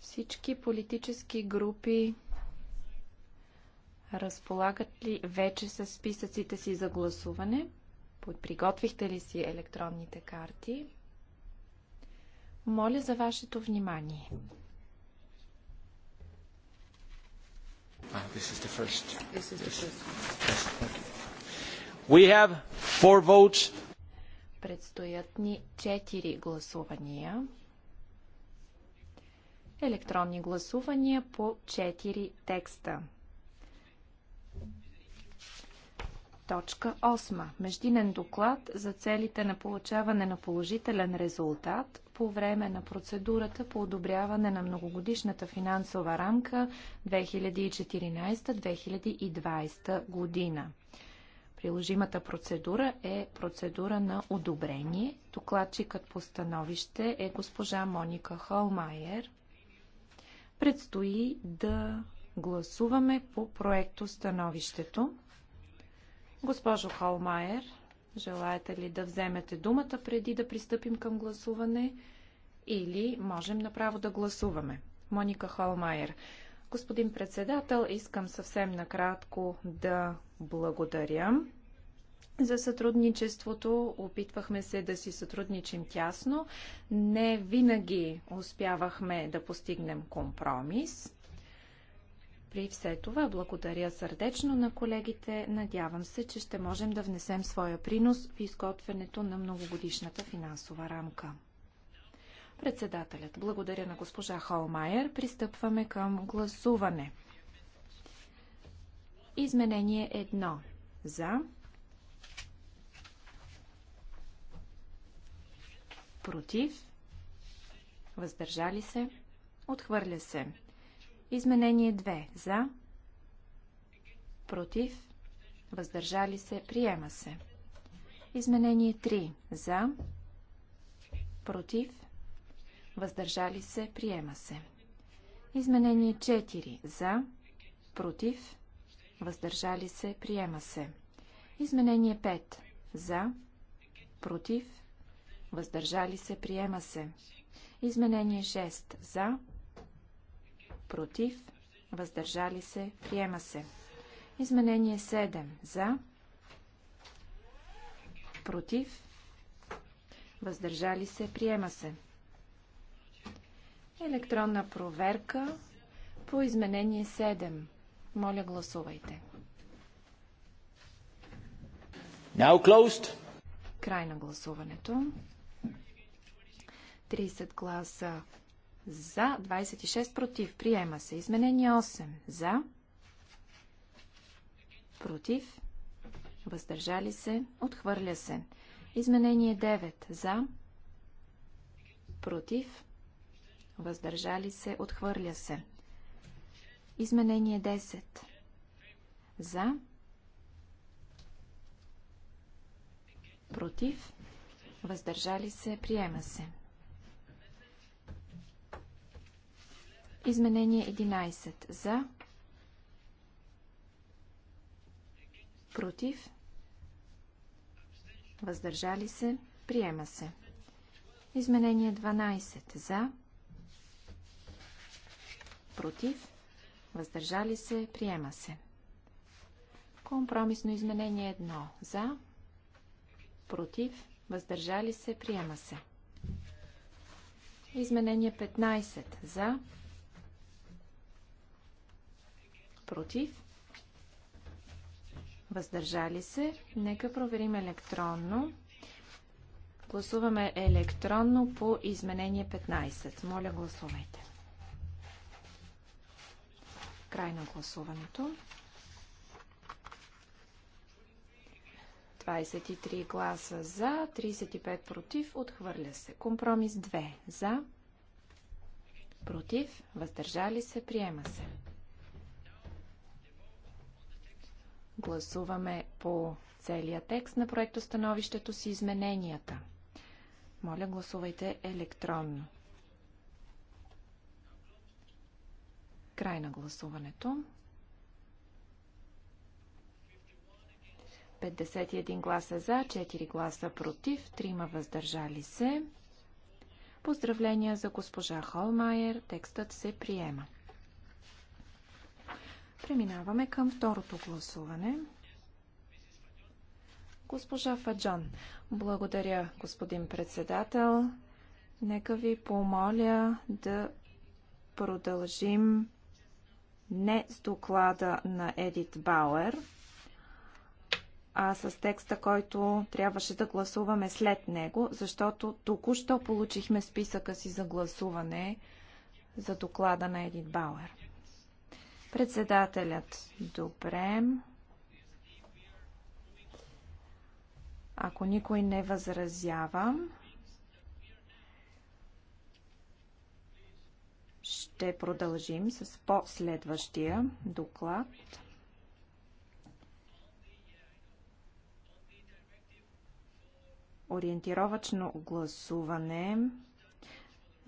Speaker 3: Всички политически групи Разполагат ли вече с списъците си за гласуване? Приготвихте ли си електронните карти? Моля за вашето внимание.
Speaker 2: this is the first. This is the first.
Speaker 3: We have four votes. Предстоят ни четири гласувания. Електронни гласувания по четири текста. Точка 8. Междинен доклад за целите на получаване на положителен резултат по време на процедурата по одобряване на многогодишната финансова рамка 2014-2020 година. Приложимата процедура е процедура на одобрение. Докладчикът по становище е госпожа Моника Холмайер. Предстои да гласуваме по проекто становището. Госпожо Холмайер, желаете ли да вземете думата преди да пристъпим към гласуване или можем направо да гласуваме? Моника Холмайер. Господин председател, искам съвсем накратко да благодаря за сътрудничеството. Опитвахме се да си сътрудничим тясно. Не винаги успявахме да постигнем компромис. При все това благодаря сърдечно на колегите. Надявам се, че ще можем да внесем своя принос в изготвянето на многогодишната финансова рамка. Председателят, благодаря на госпожа Холмайер. Пристъпваме към гласуване. Изменение едно. За. Против. Въздържали се. Отхвърля се. Изменение 2. За. Против. Въздържали се. Приема се. Изменение 3. За. Против. Въздържали се. Приема се. Изменение 4. За. Против. Въздържали се. Приема се. Изменение 5. За. Против. Въздържали се. Приема се. Изменение 6. За против, въздържали се, приема се. Изменение 7 за, против, въздържали се, приема се. Електронна проверка по изменение 7. Моля, гласувайте. Now closed. Край на гласуването. 30 гласа за. 26 против. Приема се. Изменение 8. За. Против. Въздържали се. Отхвърля се. Изменение 9. За. Против. Въздържали се. Отхвърля се. Изменение 10. За. Против. Въздържали се. Приема се. Изменение 11. За. Против. Въздържали се. Приема се. Изменение 12. За. Против. Въздържали се. Приема се. Компромисно изменение 1. За. Против. Въздържали се. Приема се. Изменение 15. За. Против Против? Въздържали се? Нека проверим електронно. Гласуваме електронно по изменение 15. Моля, гласувайте. Край на гласуването. 23 гласа за, 35 против, отхвърля се. Компромис 2 за, против, въздържали се, приема се. Гласуваме по целия текст на становището с измененията. Моля, гласувайте електронно. Край на гласуването. 51 гласа за, 4 гласа против, 3 въздържали се. Поздравления за госпожа Холмайер. Текстът се приема. Преминаваме към второто гласуване. Госпожа Фаджон, благодаря, господин председател. Нека ви помоля да продължим не с доклада на Едит Бауер, а с текста, който трябваше да гласуваме след него, защото току-що получихме списъка си за гласуване за доклада на Едит Бауер. Председателят. Добре. Ако никой не възразява, ще продължим с последващия доклад. Ориентировачно гласуване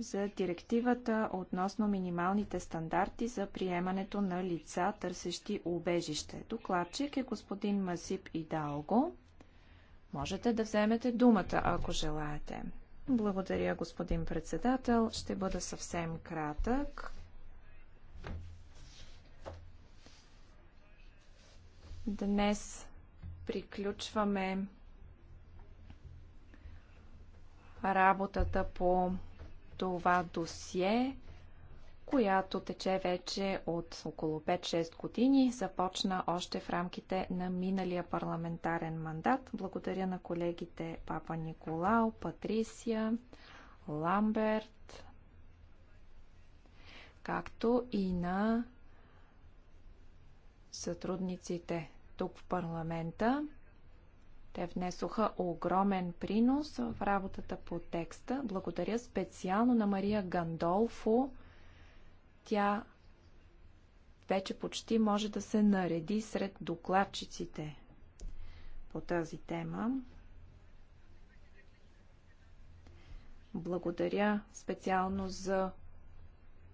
Speaker 3: за директивата относно минималните стандарти за приемането на лица, търсещи убежище. Докладчик е господин Масип Идалго. Можете да вземете думата, ако желаете. Благодаря, господин председател. Ще бъда съвсем кратък. Днес приключваме работата по това досие, която тече вече от около 5-6 години, започна още в рамките на миналия парламентарен мандат. Благодаря на колегите Папа Николао, Патрисия, Ламберт, както и на сътрудниците тук в парламента. Те внесоха огромен принос в работата по текста. Благодаря специално на Мария Гандолфо. Тя вече почти може да се нареди сред докладчиците по тази тема. Благодаря специално за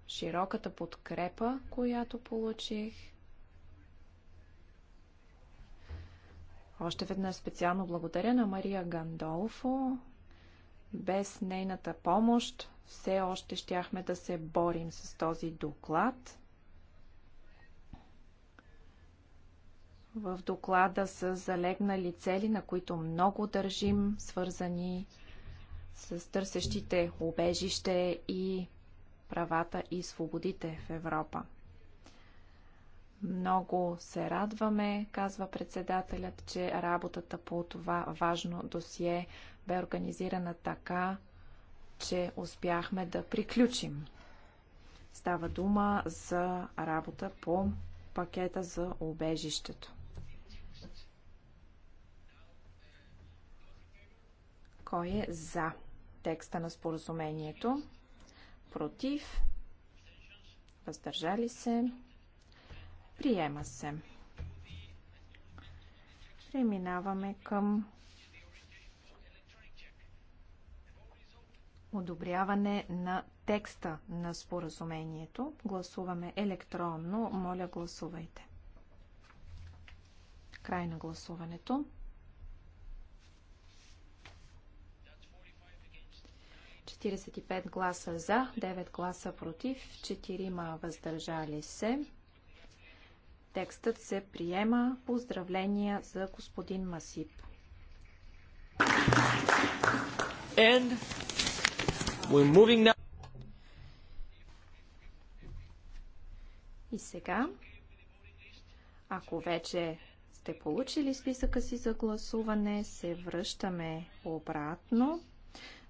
Speaker 3: широката подкрепа, която получих. Още веднъж специално благодаря на Мария Гандолфо. Без нейната помощ все още щяхме да се борим с този доклад. В доклада са залегнали цели, на които много държим, свързани с търсещите убежище и правата и свободите в Европа. Много се радваме, казва председателят, че работата по това важно досие бе организирана така, че успяхме да приключим. Става дума за работа по пакета за обежището. Кой е за текста на споразумението? Против? Въздържали се? Приема се. Преминаваме към одобряване на текста на споразумението. Гласуваме електронно. Моля, гласувайте. Край на гласуването. 45 гласа за, 9 гласа против, 4 въздържали се. Текстът се приема. Поздравления за господин Масип.
Speaker 2: And we're moving now.
Speaker 3: И сега, ако вече сте получили списъка си за гласуване, се връщаме обратно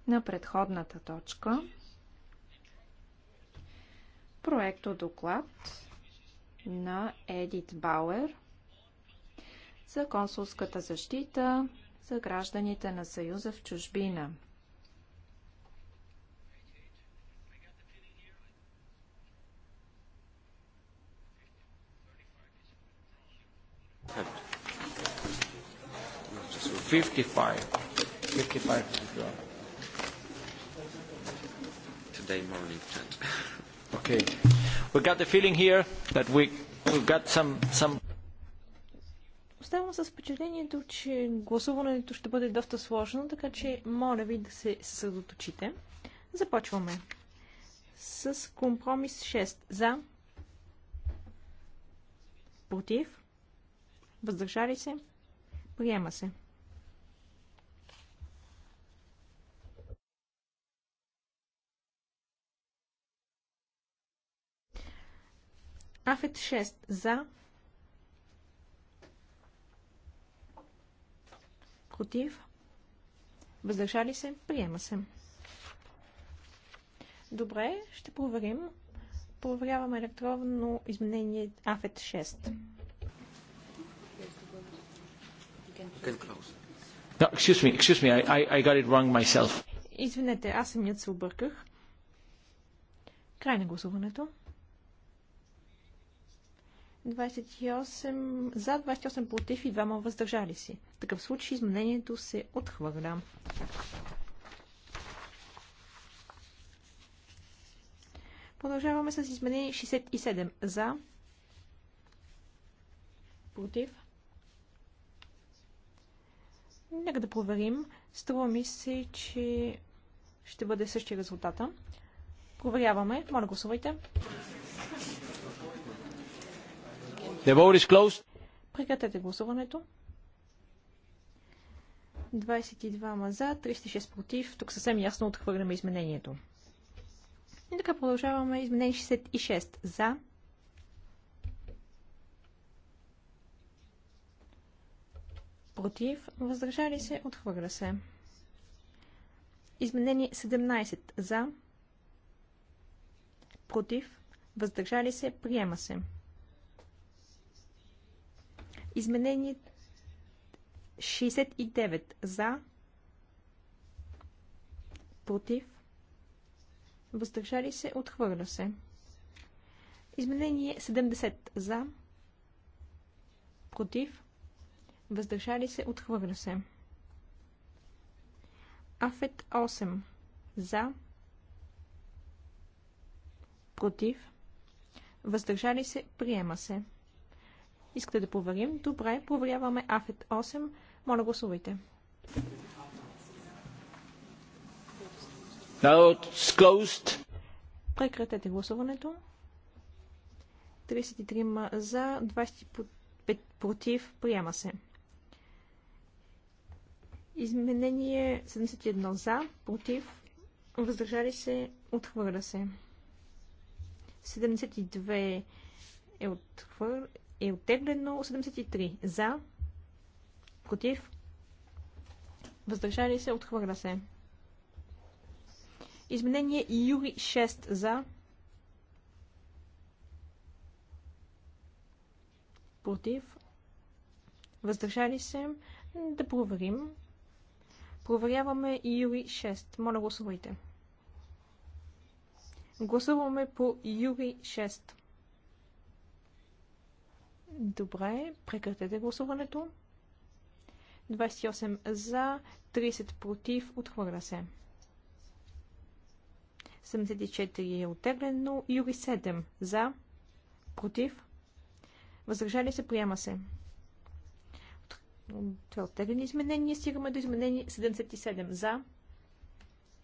Speaker 3: на предходната точка. Проекто доклад на Едит Бауер за консулската защита за гражданите на Съюза в чужбина.
Speaker 2: Fifty-five. Fifty-five
Speaker 3: Today morning. okay. We got the feeling here that we, we got some, some...
Speaker 1: Оставам с впечатлението, че гласуването ще бъде доста сложно, така че моля ви да се съсредоточите. Започваме с компромис 6. За, против, въздържали се, приема се. Афет 6 за. Против. Въздържали се. Приема се. Добре, ще проверим. Проверяваме електронно изменение Афет 6. No, excuse me, excuse me, I, I got it wrong myself. Извинете, аз самият се обърках. Край на гласуването. 28, за 28 против и 2 въздържали си. В такъв случай изменението се отхвърля. Продължаваме с изменение 67 за против. Нека да проверим. Струва ми се, че ще бъде същия резултата. Проверяваме. Моля, гласувайте. Да The vote is closed. Прекратете гласуването. 22 за, 36 против. Тук съвсем ясно отхвърляме изменението. И така продължаваме. Изменение 66 за. Против. Въздържали се. Отхвърля се. Изменение 17 за. Против. Въздържали се. Приема се. Изменение 69 за, против, въздържали се, отхвърля се. Изменение 70 за, против, въздържали се, отхвърля се. Афет 8 за, против, въздържали се, приема се. Искате да проверим? Добре, проверяваме АФЕТ 8. Моля, гласувайте. Прекратете гласуването. 33 за, 25 против. Приема се. Изменение 71 за, против, въздържали се, отхвърля се. 72 е отхвър е оттеглено. 73 за, против, въздържали се, отхвърля се. Изменение Юри 6 за, против, въздържали се, да проверим. Проверяваме Юри 6. Моля, гласувайте. Гласуваме по Юри 6. Добре, прекратете гласуването. 28 за, 30 против, отхвърля се. 74 е отеглено. Юри 7 за, против, въздържали се, приема се. Това оттеглени изменения, стигаме до изменение 77 за,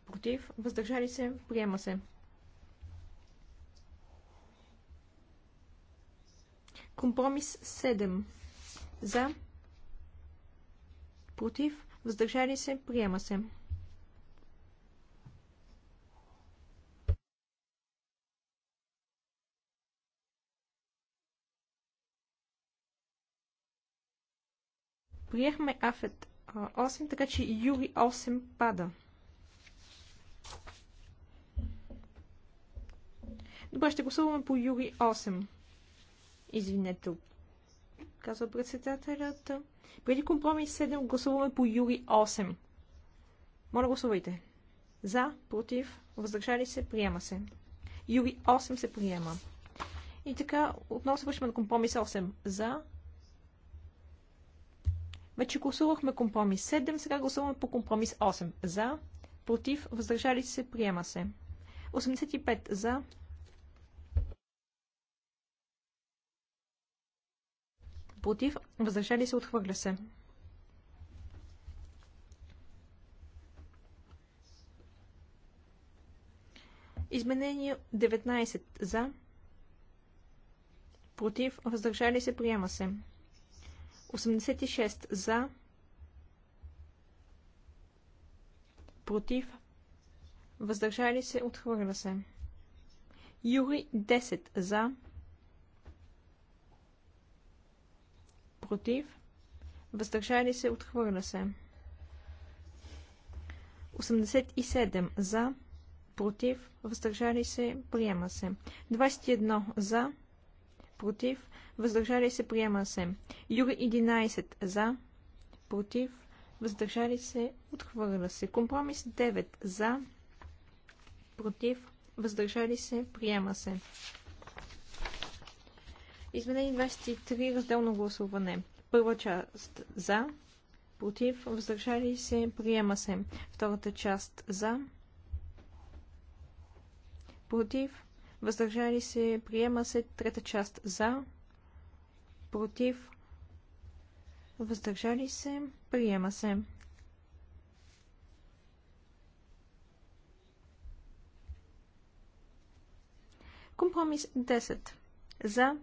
Speaker 1: против, въздържали се, приема се. Компромис 7. За. Против. Въздържали се. Приема се. Приехме Афет 8, така че Юри 8 пада. Добре, ще гласуваме по Юри 8. Извинете, казва председателят. Преди компромис 7 гласуваме по Юри 8. Моля гласувайте. За, против, въздържали се, приема се. Юри 8 се приема. И така, отново се връщаме на компромис 8. За. Вече гласувахме компромис 7, сега гласуваме по компромис 8. За, против, въздържали се, приема се. 85 за, против, въздържали се, отхвърля се. Изменение 19 за, против, въздържали се, приема се. 86 за, против, въздържали се, отхвърля се. Юри 10 за, против, въздържали се, отхвърля се. 87 за, против, въздържали се, приема се. 21 за, против, въздържали се, приема се. Юри 11 за, против, въздържали се, отхвърля се. Компромис 9 за, против, въздържали се, приема се. Изменени 23, разделно гласуване. Първа част за, против, въздържали се, приема се. Втората част за, против, въздържали се, приема се. Трета част за, против, въздържали се, приема се. Компромис 10. За,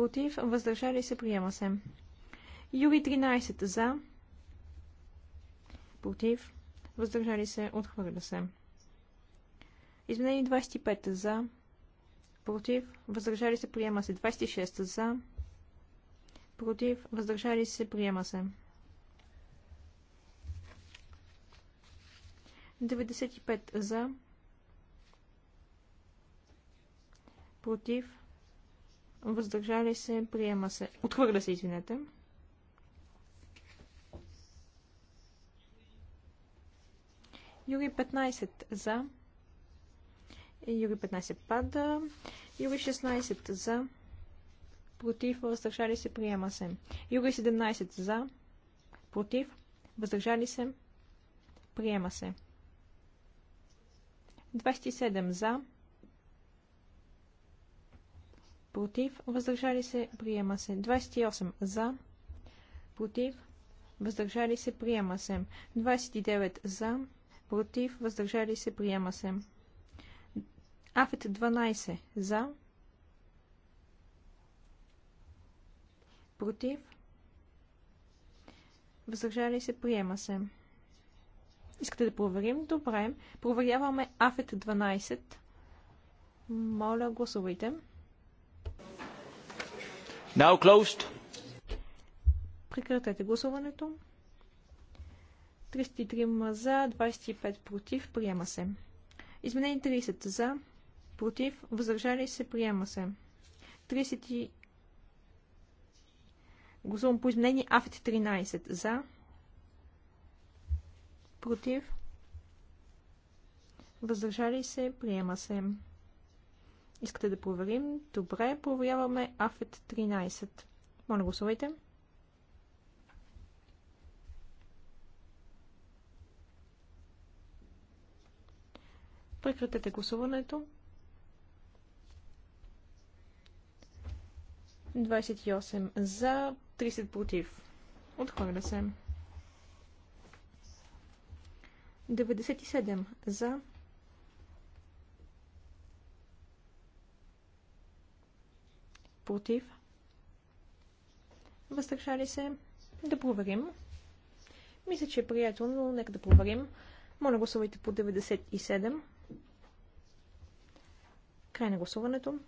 Speaker 1: против, въздържали се, приема се. Юри 13 за, против, въздържали се, отхвърля се. Изменени 25 за, против, въздържали се, приема се. 26 за, против, въздържали се, приема се. 95 за, против, Въздържали се, приема се. Отхвърля се, извинете. Юри 15 за. Юри 15 пада. Юри 16 за. Против, въздържали се, приема се. Юри 17 за. Против, въздържали се, приема се. 27 за против, въздържали се, приема се. 28 за, против, въздържали се, приема се. 29 за, против, въздържали се, приема се. Афет 12 за, против, въздържали се, приема се. Искате да проверим? Добре. Проверяваме Афет 12. Моля, гласувайте. 12.
Speaker 3: Now closed.
Speaker 1: Прекратете гласуването. 33 за, 25 против, приема се. Изменени 30 за, против, въздържали се, приема се. 30 Гласувам по изменение АФТ 13 за, против, въздържали се, приема се. Искате да проверим? Добре, проверяваме AFET 13. Моля, гласувайте. Прекратете гласуването. 28 за, 30 против. Отхвърля се. 97 за, против, въздържали се, да проверим. Мисля, че е приятел, но нека да проверим. Моля, гласувайте по 97. Край на гласуването.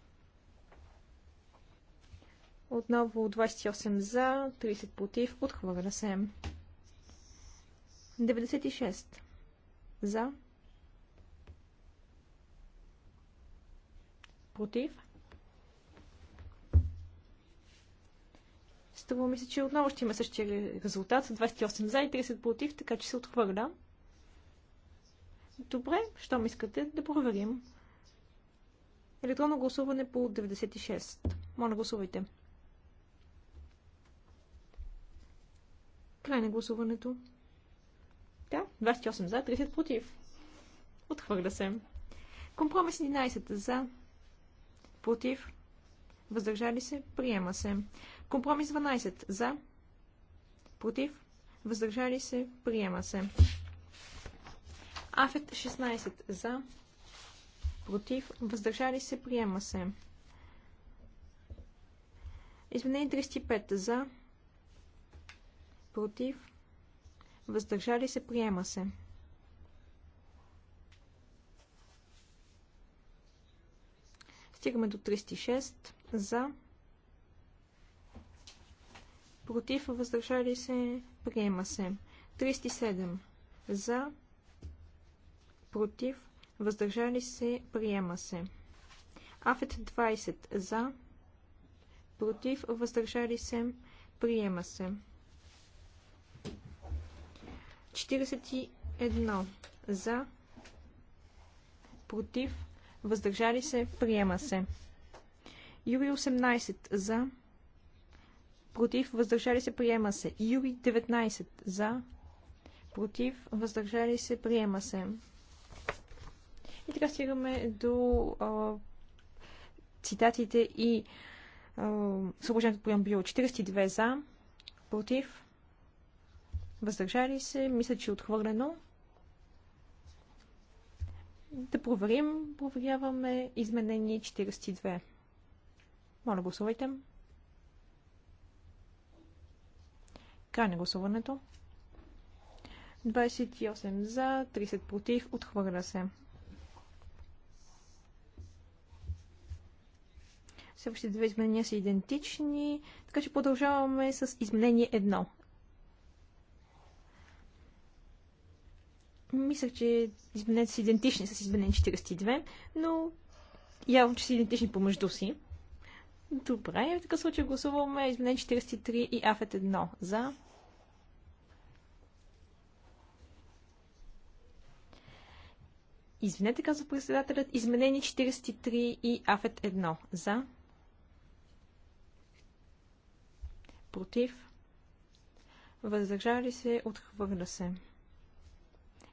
Speaker 1: Отново 28 за, 30 против, отхвърля се. 96 за, против, Струва ми се, че отново ще има същия резултат. 28 за и 30 против, така че се отхвърля. Добре, щом искате да проверим. Електронно гласуване по 96. Моля, гласувайте. Край на гласуването. Да, 28 за, 30 против. Отхвърля се. Компромис 11 за, против, въздържали се, приема се. Компромис 12. За. Против. Въздържали се. Приема се. Афет 16. За. Против. Въздържали се. Приема се. Изменение 35. За. Против. Въздържали се. Приема се. Стигаме до 36. За против, въздържали се, приема се. 37 за, против, въздържали се, приема се. Афет 20 за, против, въздържали се, приема се. 41 за, против, въздържали се, приема се. Юри 18 за, против, въздържали се, приема се. Юри 19 за, против, въздържали се, приема се. И така стигаме до а, цитатите и съображението по било 42 за, против, въздържали се, мисля, че е отхвърлено. Да проверим, проверяваме изменение 42. Моля, гласувайте. Да Крайне гласуването. 28 за, 30 против, отхвърля се. Следващите две изменения са идентични, така че продължаваме с изменение 1. Мислях, че измененията са идентични с изменение 42, но явно, че са идентични помежду си. Добре, в такъв случай гласуваме изменение 43 и АФЕТ 1. За. Извинете, казва председателят, изменение 43 и АФЕТ 1. За. Против. Въздържали се, отхвърля се.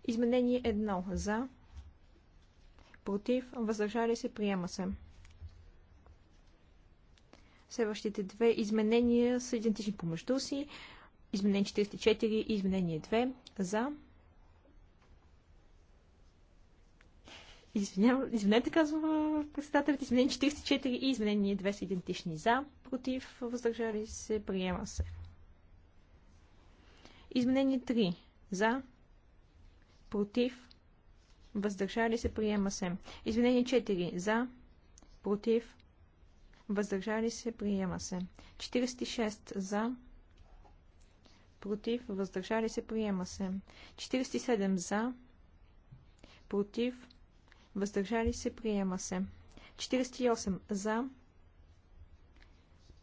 Speaker 1: Изменение 1. За. Против. Въздържали се, приема се. Следващите две изменения са идентични помежду си. Изменение 44 и изменение 2 за. Извинявам, извинете, казва председателят. Изменение 44 и изменение 2 са идентични за. Против, въздържали се, приема се. Изменение 3 за. Против, въздържали се, приема се. Изменение 4 за. Против, въздържали се, приема се. 46 за, против, въздържали се, приема се. 47 за, против, въздържали се, приема се. 48 за,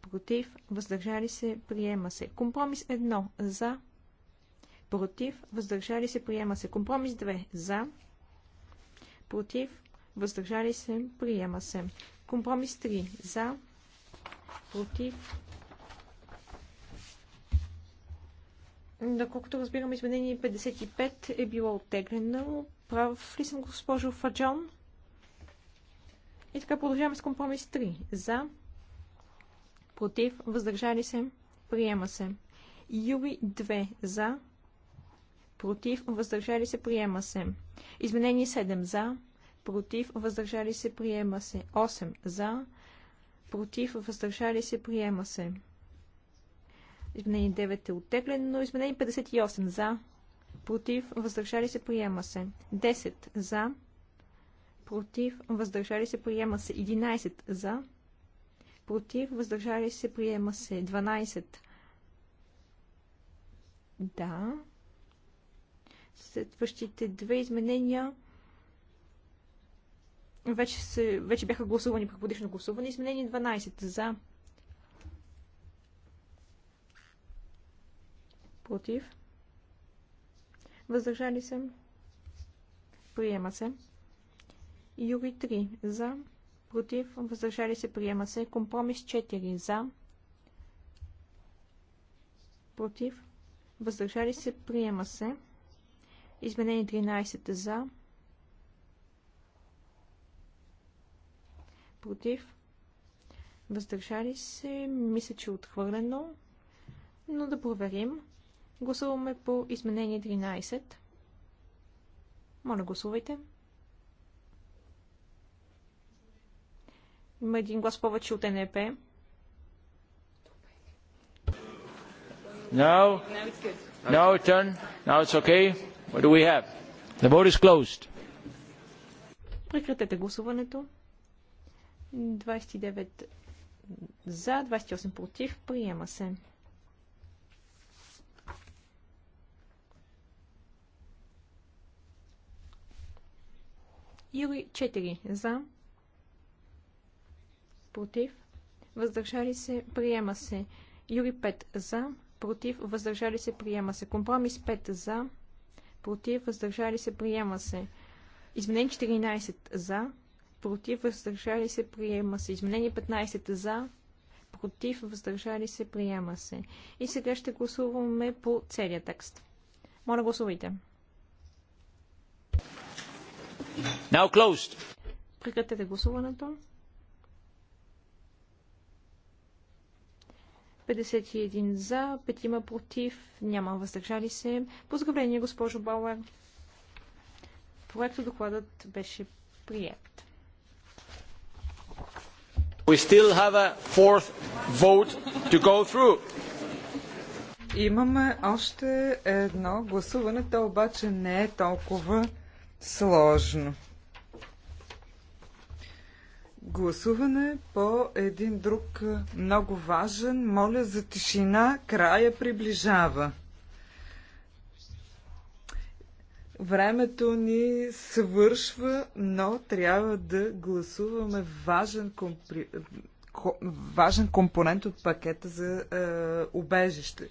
Speaker 1: против, въздържали се, приема се. Компромис 1 за, против, въздържали се, приема се. Компромис 2 за, против, въздържали се, приема се. Компромис 3 за, против. Доколкото разбирам, изменение 55 е било оттеглено. Прав ли съм госпожо Фаджон? И така продължаваме с компромис 3. За, против, въздържали се, приема се. Юри 2 за, против, въздържали се, приема се. Изменение 7 за, против, въздържали се, приема се. 8 за, против, въздържали се, приема се. Изменение 9 е оттеглено. Изменение 58 за, против, въздържали се, приема се. 10 за, против, въздържали се, приема се. 11 за, против, въздържали се, приема се. 12 да. Следващите две изменения вече, се, вече бяха гласувани при гласувани, гласуване. Изменени 12 за. Против. Въздържали се. Приема се. Юри 3 за. Против. Въздържали се. Приема се. Компромис 4 за. Против. Въздържали се. Приема се. Изменени 13 за. против, въздържали се, мисля, че е отхвърлено, но да проверим. Гласуваме по изменение 13. Моля, гласувайте. Има един глас повече от НЕП.
Speaker 3: Now, now it's done. Now it's okay. What do we have? The vote is closed.
Speaker 1: Прекратете гласуването. 29 за, 28 против. Приема се. Юри 4 за. Против. Въздържали се. Приема се. Юри 5 за. Против. Въздържали се. Приема се. Компромис 5 за. Против. Въздържали се. Приема се. Изменен 14 за против, въздържали се, приема се. Изменение 15 за, против, въздържали се, приема се. И сега ще гласуваме по целия текст. Моля, гласувайте.
Speaker 3: Now closed.
Speaker 1: Прекратете гласуването. 51 за, 5 има против, няма въздържали се. Поздравление, госпожо Бауер. докладът беше прият.
Speaker 3: We still have a fourth vote to go through.
Speaker 2: Имаме още едно гласуване, то обаче не е толкова сложно. Гласуване по един друг много важен. Моля за тишина, края приближава. Времето ни свършва, но трябва да гласуваме важен, компри... важен компонент от пакета за е, убежище.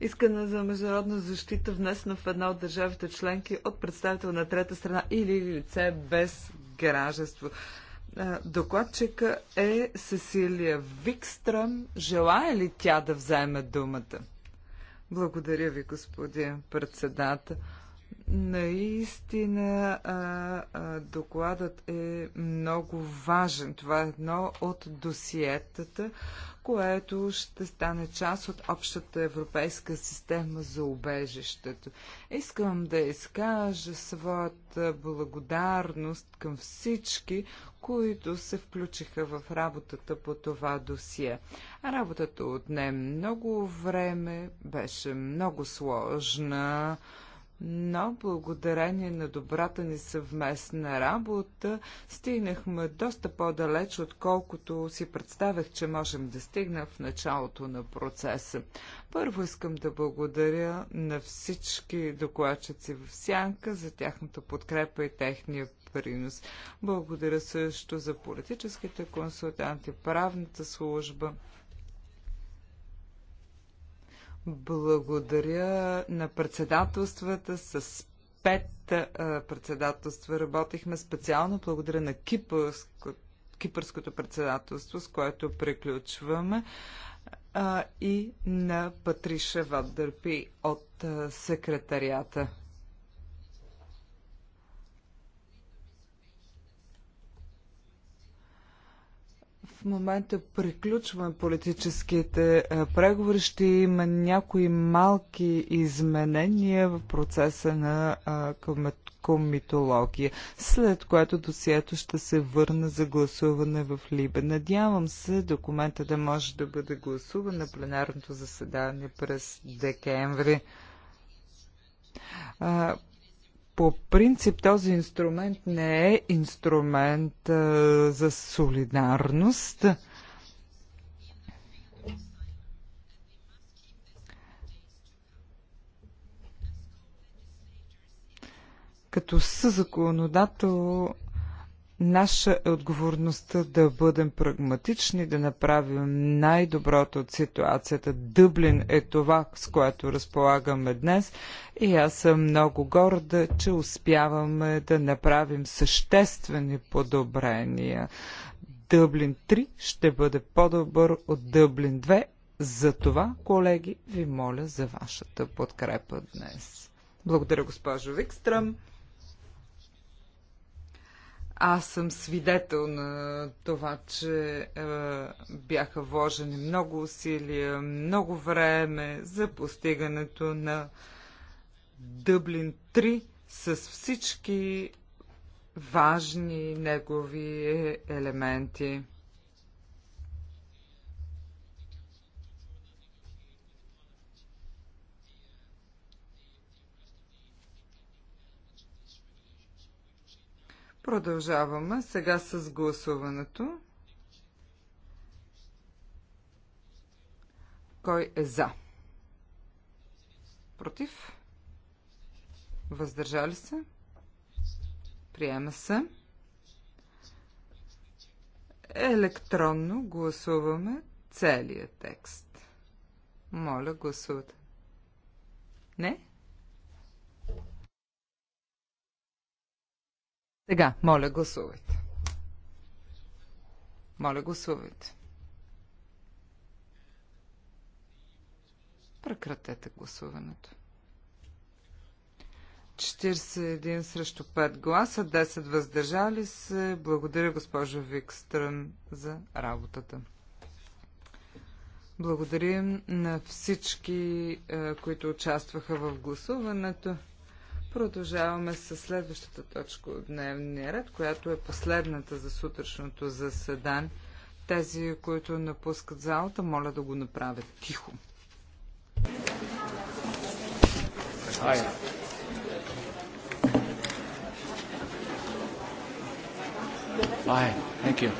Speaker 2: искане за международна защита, внесена в една от държавите членки от представител на трета страна или лице без гражданство. Докладчика е Сесилия Викстрам. Желая ли тя да вземе думата? Благодаря ви, господин председател. Наистина а, а, докладът е много важен. Това е едно от досиетата, което ще стане част от общата европейска система за убежището. Искам да изкажа своята благодарност към всички, които се включиха в работата по това досие. Работата отне много време, беше много сложна но благодарение на добрата ни съвместна работа стигнахме доста по-далеч, отколкото си представях, че можем да стигнем в началото на процеса. Първо искам да благодаря на всички докладчици в Сянка за тяхната подкрепа и техния принос. Благодаря също за политическите консултанти, правната служба благодаря на председателствата с пет председателства работихме специално. Благодаря на Кипърско, Кипърското председателство, с което приключваме и на Патриша Ваддърпи от секретарията. В момента приключваме политическите е, преговори. Ще има някои малки изменения в процеса на е, комитология, след което досието ще се върне за гласуване в Либе. Надявам се документа да може да бъде гласуван на пленарното заседание през декември. Е, по принцип този инструмент не е инструмент а, за солидарност. Като съзаконодател Наша е отговорността да бъдем прагматични, да направим най-доброто от ситуацията. Дъблин е това, с което разполагаме днес и аз съм много горда, че успяваме да направим съществени подобрения. Дъблин 3 ще бъде по-добър от Дъблин 2. За това, колеги, ви моля за вашата подкрепа днес. Благодаря, госпожо Викстрам. Аз съм свидетел на това, че е, бяха вложени много усилия, много време за постигането на Дъблин 3 с всички важни негови е, елементи. Продължаваме сега с гласуването. Кой е за? Против? Въздържали се? Приема се. Електронно гласуваме целият текст. Моля, гласувате. Не? Сега, моля, гласувайте. Моля, гласувайте. Прекратете гласуването. 41 срещу 5 гласа, 10 въздържали се. Благодаря, госпожо Викстрън, за работата. Благодарим на всички, е, които участваха в гласуването. Продължаваме с следващата точка от дневния ред, която е последната за сутрешното заседание. Тези, които напускат залата, моля да го направят тихо. Хайде.
Speaker 3: Bye. Thank you.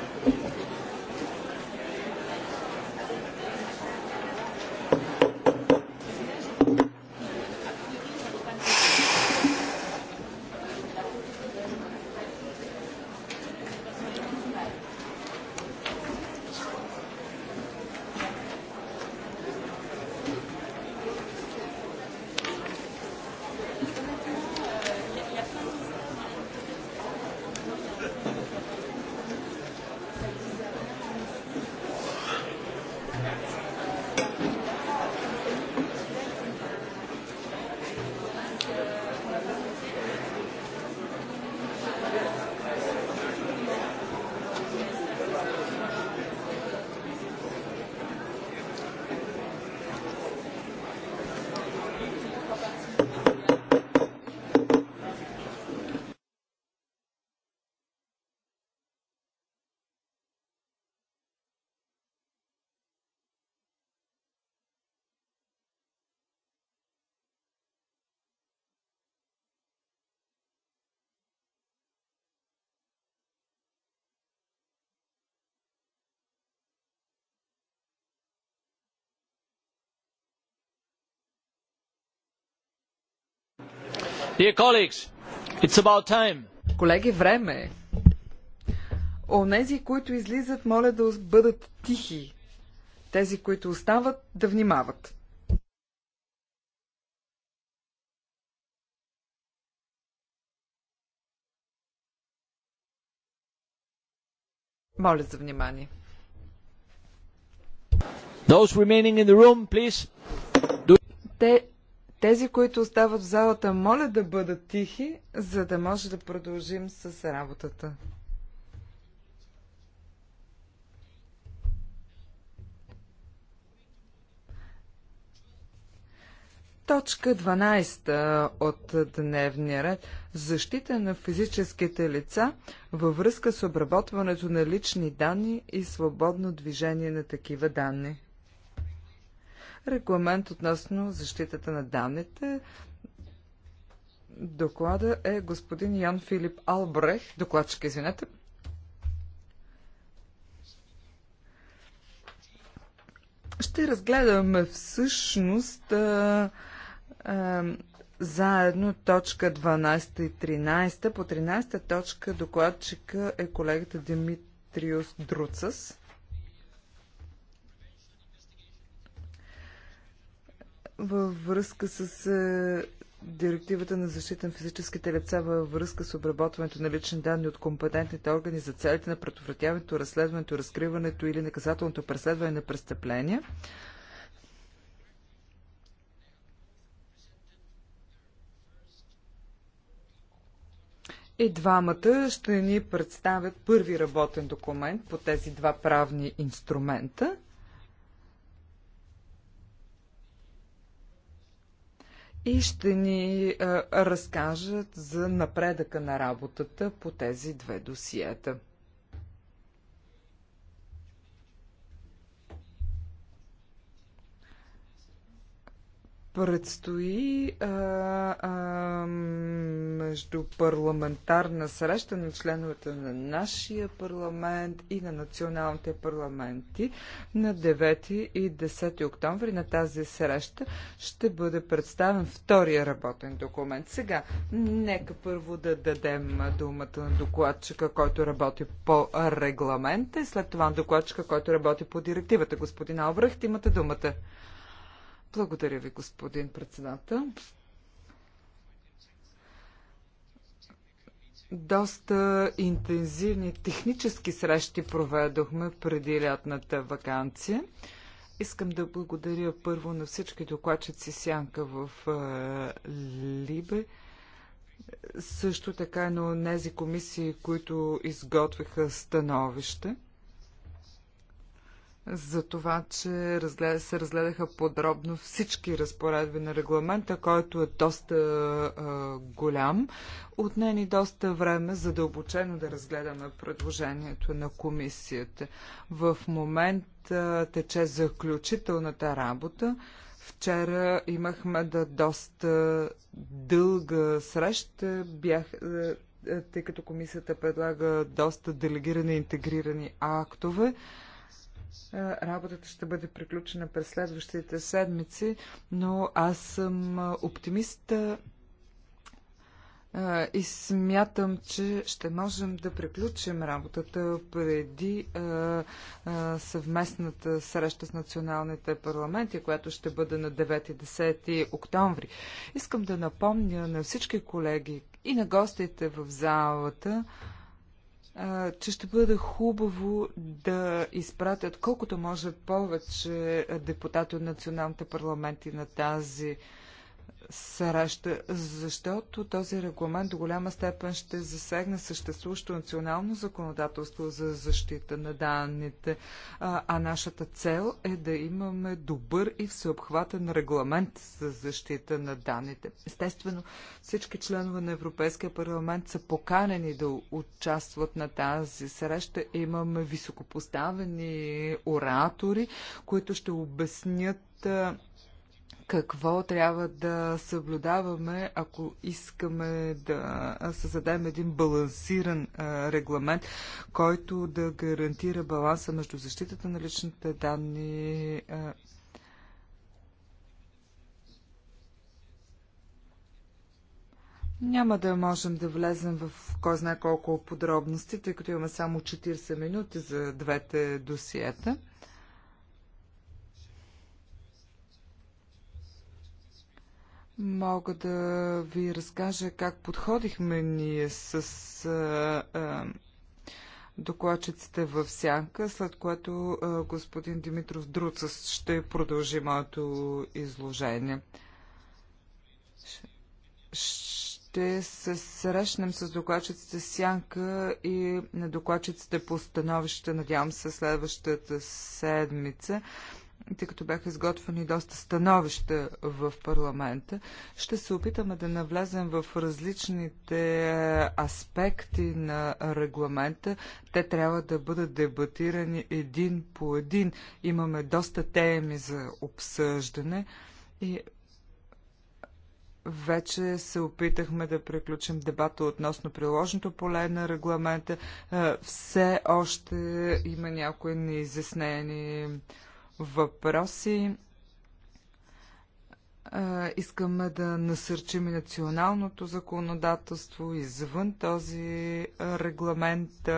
Speaker 2: Dear colleagues, it's about time. Колеги, време е. Онези, които излизат, моля да бъдат тихи. Тези, които остават, да внимават. Моля за внимание. Those remaining in the room, please. Те, тези, които остават в залата, моля да бъдат тихи, за да може да продължим с работата. Точка 12 от дневния ред – защита на физическите лица във връзка с обработването на лични данни и свободно движение на такива данни регламент относно защитата на данните. Доклада е господин Ян Филип Албрех, докладчик, извинете. Ще разгледаме всъщност а, а, заедно точка 12 и 13. По 13 точка докладчика е колегата Димитриус Друцас. във връзка с е, директивата на защита на физическите лица във връзка с обработването на лични данни от компетентните органи за целите на предотвратяването, разследването, разкриването или наказателното преследване на престъпления. И двамата ще ни представят първи работен документ по тези два правни инструмента – и ще ни разкажат за напредъка на работата по тези две досиета. Предстои а, а, между парламентарна среща на членовете на нашия парламент и на националните парламенти на 9 и 10 октомври на тази среща ще бъде представен втория работен документ. Сега, нека първо да дадем думата на докладчика, който работи по регламента и след това на докладчика, който работи по директивата. Господин Албрехт, имате думата. Благодаря ви, господин председател. Доста интензивни технически срещи проведохме преди лятната вакансия. Искам да благодаря първо на всички докладчици Сянка в е, Либе. Също така и на тези комисии, които изготвиха становище за това, че разгледа, се разгледаха подробно всички разпоредби на регламента, който е доста а, голям. Отне ни доста време задълбочено да разгледаме предложението на комисията. В момента тече заключителната работа. Вчера имахме да доста дълга среща. Бях, тъй като комисията предлага доста делегирани и интегрирани актове. Е, работата ще бъде приключена през следващите седмици, но аз съм е, оптимист е, и смятам, че ще можем да приключим работата преди съвместната среща с националните парламенти, която ще бъде на 9-10 октомври. Искам да напомня на всички колеги и на гостите в залата, че ще бъде хубаво да изпратят колкото може повече депутати от националните парламенти на тази среща, защото този регламент до голяма степен ще засегне съществуващо национално законодателство за защита на данните, а, а нашата цел е да имаме добър и всеобхватен регламент за защита на данните. Естествено, всички членове на Европейския парламент са поканени да участват на тази среща. Имаме високопоставени оратори, които ще обяснят какво трябва да съблюдаваме, ако искаме да създадем един балансиран регламент, който да гарантира баланса между защитата на личните данни Няма да можем да влезем в кой знае колко подробности, тъй като имаме само 40 минути за двете досиета. Мога да ви разкажа как подходихме ние с а, а, докладчиците в сянка, след което а, господин Димитров Друцъс ще продължи моето изложение. Ще се срещнем с докладчиците Сянка и на докладчиците по становище, надявам се, следващата седмица тъй като бяха изготвени доста становища в парламента, ще се опитаме да навлезем в различните е, аспекти на регламента. Те трябва да бъдат дебатирани един по един. Имаме доста теми за обсъждане и вече се опитахме да приключим дебата относно приложното поле на регламента. Е, все още има някои неизяснени въпроси. Искаме да насърчим и националното законодателство извън този регламент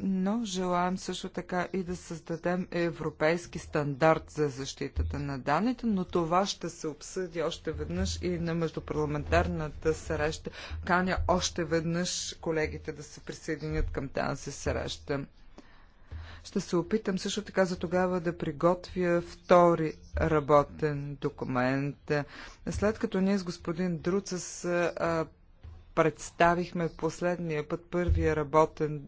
Speaker 2: но желаем също така и да създадем европейски стандарт за защитата на данните, но това ще се обсъди още веднъж и на междупарламентарната среща. Каня още веднъж колегите да се присъединят към тази среща. Ще се опитам също така за тогава да приготвя втори работен документ. След като ние с господин Друцес представихме последния път първия работен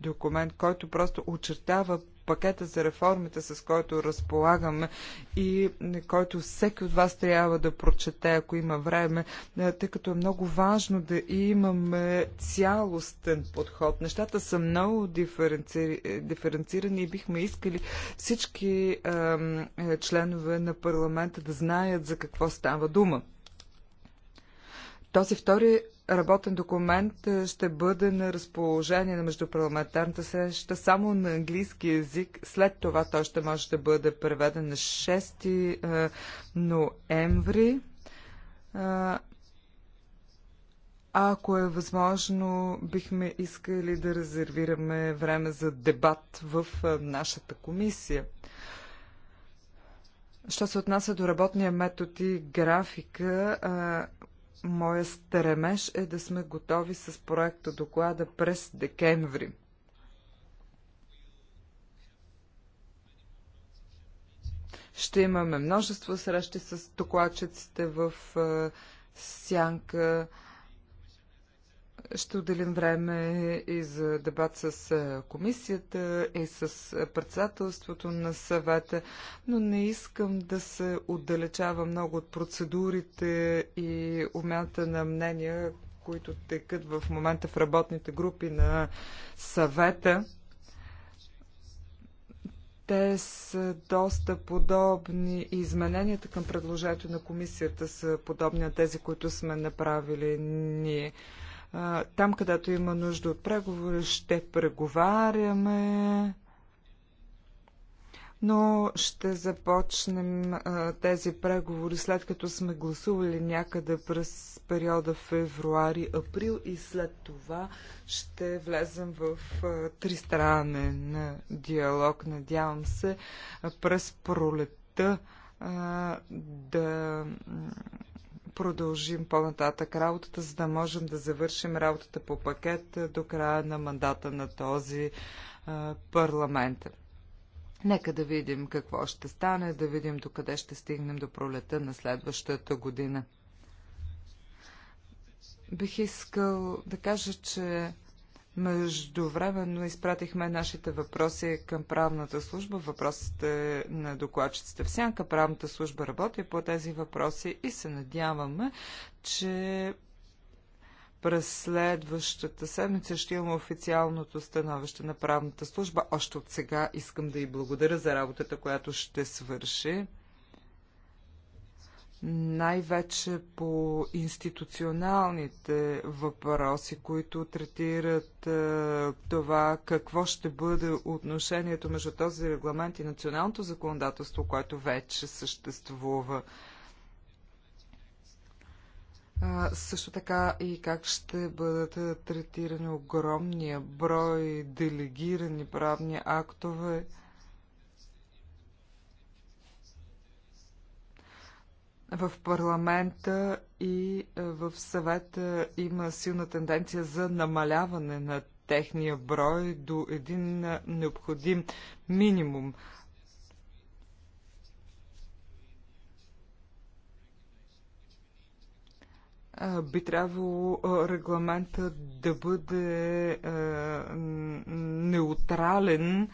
Speaker 2: документ, който просто очертава пакета за реформите, с който разполагаме и който всеки от вас трябва да прочете, ако има време, е, тъй като е много важно да имаме цялостен подход. Нещата са много диференци... диференцирани и бихме искали всички е, членове на парламента да знаят за какво става дума. Този втори работен документ е, ще бъде на разположение на междупарламентарната среща само на английски язик. След това той ще може да бъде преведен на 6 е, ноември. Е, ако е възможно, бихме искали да резервираме време за дебат в нашата комисия. Що се отнася до работния метод и графика, моя стремеж е да сме готови с проекта доклада през декември. Ще имаме множество срещи с докладчиците в е, сянка. Ще отделим време и за дебат с комисията и с председателството на съвета, но не искам да се отдалечава много от процедурите и умята на мнения, които текат в момента в работните групи на съвета. Те са доста подобни и измененията към предложението на комисията са подобни на тези, които сме направили ние. Там, където има нужда от преговори, ще преговаряме но ще започнем а, тези преговори след като сме гласували някъде през периода февруари-април и след това ще влезем в а, тристранен диалог. Надявам се а, през пролетта а, да продължим по-нататък работата, за да можем да завършим работата по пакет до края на мандата на този парламент. Нека да видим какво ще стане, да видим докъде ще стигнем до пролета на следващата година. Бих искал да кажа, че Междувременно изпратихме нашите въпроси към правната служба, въпросите на докладчиците в сянка. Правната служба работи по тези въпроси и се надяваме, че през следващата седмица ще имаме официалното становище на правната служба. Още от сега искам да й благодаря за работата, която ще свърши най-вече по институционалните въпроси, които третират е, това какво ще бъде отношението между този регламент и националното законодателство, което вече съществува. Е, също така и как ще бъдат третирани огромния брой делегирани правни актове. в парламента и е, в съвета има силна тенденция за намаляване на техния брой до един е, необходим минимум. Е, би трябвало регламента да бъде неутрален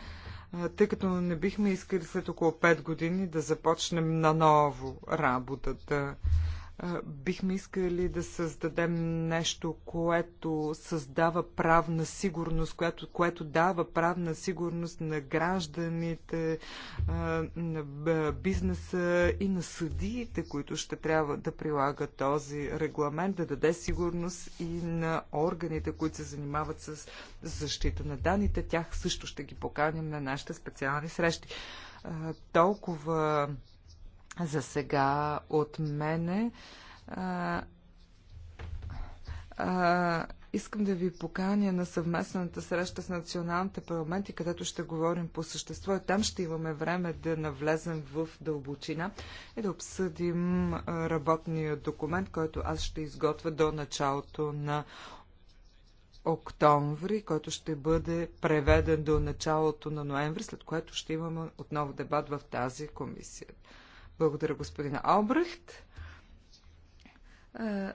Speaker 2: тъй като не бихме искали след около 5 години да започнем наново работата бихме искали да създадем нещо, което създава правна сигурност, което, което дава правна сигурност на гражданите, на бизнеса и на съдиите, които ще трябва да прилагат този регламент, да даде сигурност и на органите, които се занимават с защита на данните. Тях също ще ги поканим на нашите специални срещи. Толкова за сега от мене. А, а, искам да ви поканя на съвместната среща с националните парламенти, където ще говорим по същество. И там ще имаме време да навлезем в дълбочина и да обсъдим работния документ, който аз ще изготвя до началото на октомври, който ще бъде преведен до началото на ноември, след което ще имаме отново дебат в тази комисия. Благодаря, господин Албрехт. Е,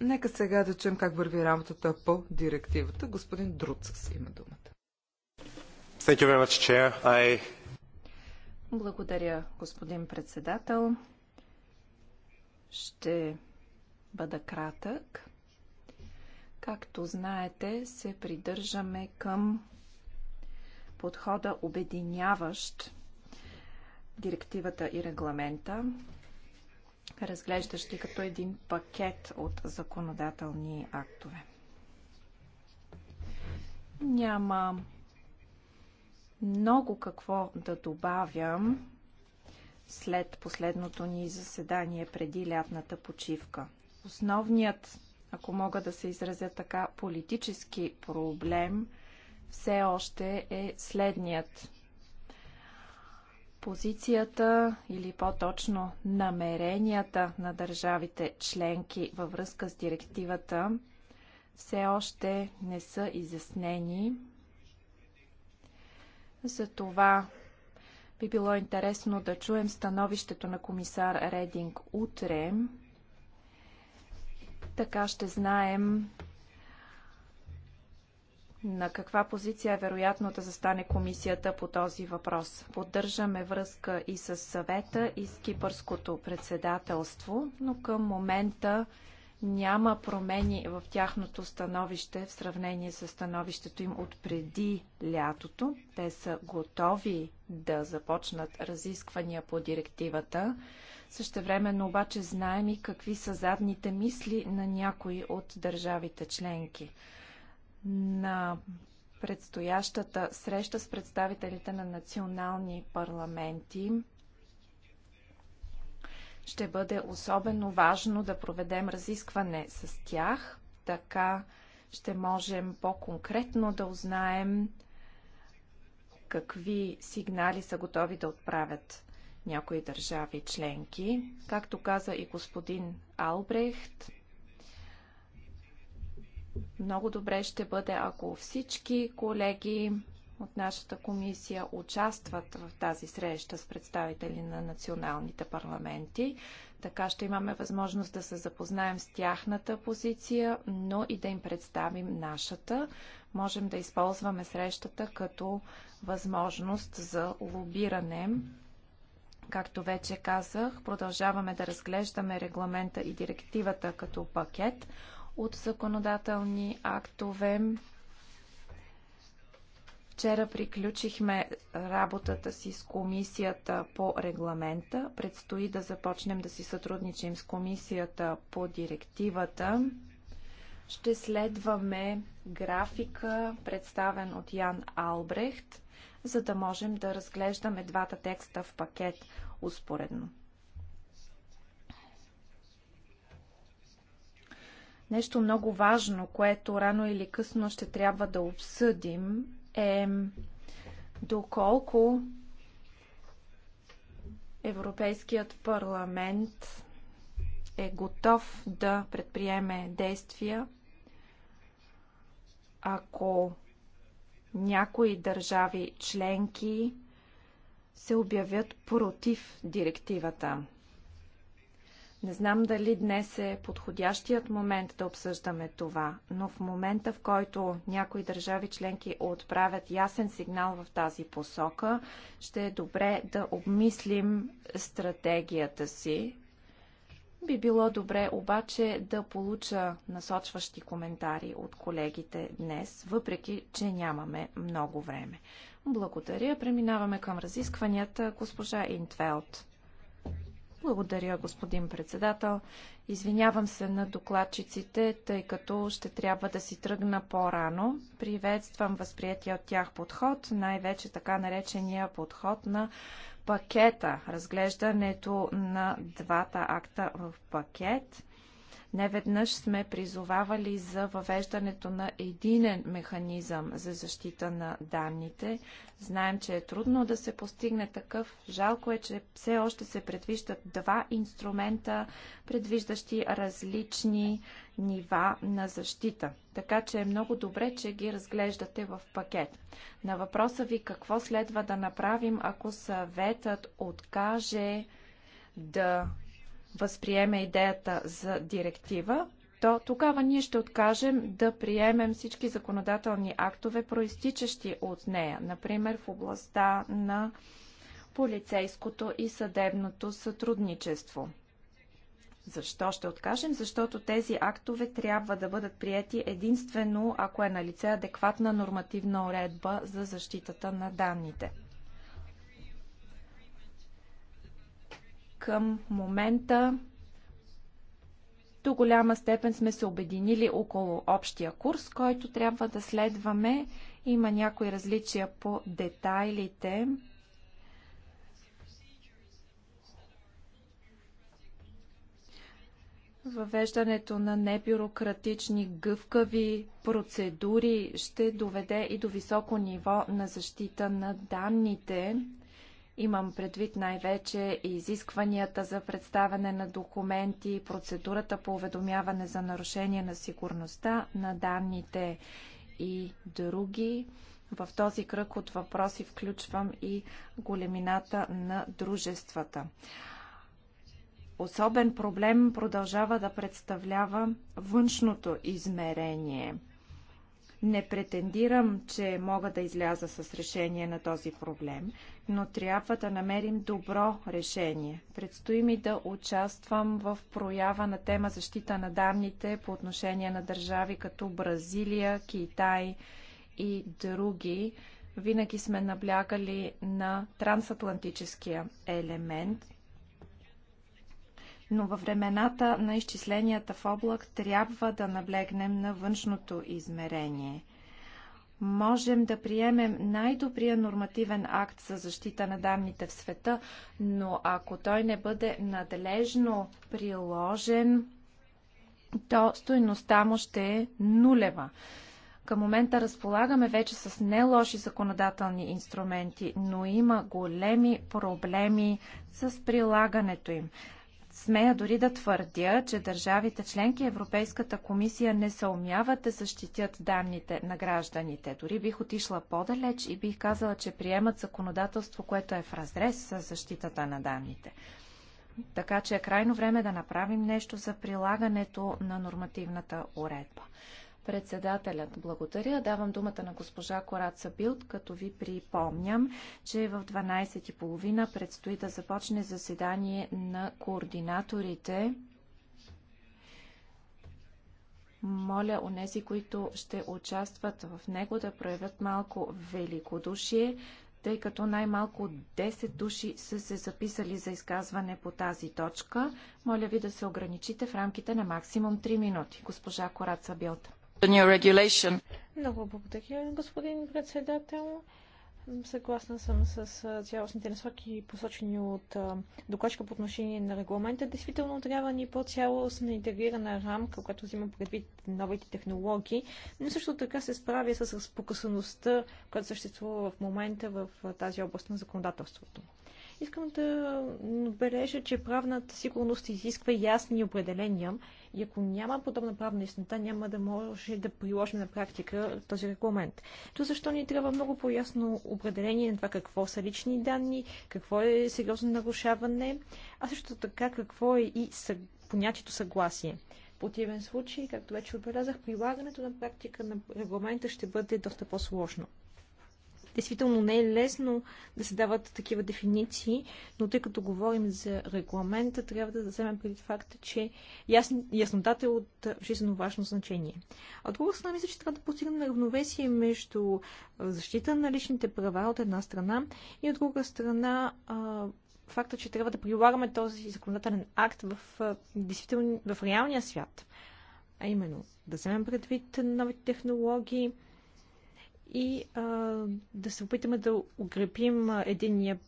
Speaker 2: нека сега да чуем как върви работата по директивата. Господин Друцъс има думата. Thank you very much, Chair. I...
Speaker 3: Благодаря, господин председател. Ще бъда кратък. Както знаете, се придържаме към подхода обединяващ директивата и регламента, разглеждащи като един пакет от законодателни актове. Няма много какво да добавям след последното ни заседание преди лятната почивка. Основният, ако мога да се изразя така, политически проблем все още е следният позицията или по-точно намеренията на държавите членки във връзка с директивата все още не са изяснени. Затова би било интересно да чуем становището на комисар Рединг утре. Така ще знаем на каква позиция е вероятно да застане комисията по този въпрос. Поддържаме връзка и с съвета, и с кипърското председателство, но към момента няма промени в тяхното становище в сравнение с становището им от преди лятото. Те са готови да започнат разисквания по директивата. Същевременно обаче знаем и какви са задните мисли на някои от държавите членки на предстоящата среща с представителите на национални парламенти ще бъде особено важно да проведем разискване с тях. Така ще можем по-конкретно да узнаем какви сигнали са готови да отправят някои държави членки. Както каза и господин Албрехт, много добре ще бъде, ако всички колеги от нашата комисия участват в тази среща с представители на националните парламенти. Така ще имаме възможност да се запознаем с тяхната позиция, но и да им представим нашата. Можем да използваме срещата като възможност за лобиране. Както вече казах, продължаваме да разглеждаме регламента и директивата като пакет от законодателни актове. Вчера приключихме работата си с комисията по регламента. Предстои да започнем да си сътрудничим с комисията по директивата. Ще следваме графика, представен от Ян Албрехт, за да можем да разглеждаме двата текста в пакет успоредно. Нещо много важно, което рано или късно ще трябва да обсъдим е доколко Европейският парламент е готов да предприеме действия, ако някои държави членки се обявят против директивата. Не знам дали днес е подходящият момент да обсъждаме това, но в момента, в който някои държави членки отправят ясен сигнал в тази посока, ще е добре да обмислим стратегията си. Би било добре обаче да получа насочващи коментари от колегите днес, въпреки че нямаме много време. Благодаря. Преминаваме към разискванията. Госпожа Интвелт. Благодаря, господин председател. Извинявам се на докладчиците, тъй като ще трябва да си тръгна по-рано. Приветствам възприятия от тях подход, най-вече така наречения подход на пакета, разглеждането на двата акта в пакет. Неведнъж сме призовавали за въвеждането на единен механизъм за защита на данните. Знаем, че е трудно да се постигне такъв. Жалко е, че все още се предвиждат два инструмента, предвиждащи различни нива на защита. Така че е много добре, че ги разглеждате в пакет. На въпроса ви какво следва да направим, ако съветът откаже да възприеме идеята за директива, то тогава ние ще откажем да приемем всички законодателни актове, проистичащи от нея, например в областта на полицейското и съдебното сътрудничество. Защо ще откажем? Защото тези актове трябва да бъдат прияти единствено, ако е на лице адекватна нормативна уредба за защитата на данните. към момента до голяма степен сме се обединили около общия курс, който трябва да следваме. Има някои различия по детайлите. Въвеждането на небюрократични гъвкави процедури ще доведе и до високо ниво на защита на данните. Имам предвид най-вече изискванията за представяне на документи, процедурата по уведомяване за нарушение на сигурността на данните и други. В този кръг от въпроси включвам и големината на дружествата. Особен проблем продължава да представлява външното измерение – не претендирам, че мога да изляза с решение на този проблем, но трябва да намерим добро решение. Предстои ми да участвам в проява на тема защита на данните по отношение на държави като Бразилия, Китай и други. Винаги сме наблягали на трансатлантическия елемент – но във времената на изчисленията в облак трябва да наблегнем на външното измерение. Можем да приемем най-добрия нормативен акт за защита на данните в света, но ако той не бъде надлежно приложен, то стоеността му ще е нулева. Към момента разполагаме вече с не лоши законодателни инструменти, но има големи проблеми с прилагането им. Смея дори да твърдя, че държавите членки Европейската комисия не съумяват да защитят данните на гражданите. Дори бих отишла по-далеч и бих казала, че приемат законодателство, което е в разрез с защитата на данните. Така че е крайно време да направим нещо за прилагането на нормативната уредба. Председателят, благодаря. Давам думата на госпожа Кораца Билд, като ви припомням, че в 12.30 предстои да започне заседание на координаторите. Моля нези, които ще участват в него, да проявят малко великодушие, тъй като най-малко 10 души са се записали за изказване по тази точка. Моля ви да се ограничите в рамките на максимум 3 минути. Госпожа Кораца Билта. Много
Speaker 1: благодаря, господин председател. Съгласна съм с цялостните насоки, посочени от докладчика по отношение на регламента. Действително трябва ни по-цялостна интегрирана рамка, която взима предвид новите технологии, но също така се справя с разпокъсаността, която съществува в момента в тази област на законодателството. Искам да отбележа, че правната сигурност изисква ясни определения и ако няма подобна правна яснота, няма да може да приложим на практика този регламент. То защо ни трябва много по-ясно определение на това какво са лични данни, какво е сериозно нарушаване, а също така какво е и понятието съгласие противен случай, както вече отбелязах, прилагането на практика на регламента ще бъде доста по-сложно. Действително не е лесно да се дават такива дефиниции, но тъй като говорим за регламента, трябва да вземем преди факта, че ясн... яснотата е от жизненно важно значение. от друга страна, мисля, че трябва да постигнем равновесие между защита на личните права от една страна и от друга страна факта, че трябва да прилагаме този законодателен акт в, в реалния свят. А именно, да вземем предвид новите технологии, и а, да се опитаме да укрепим единия,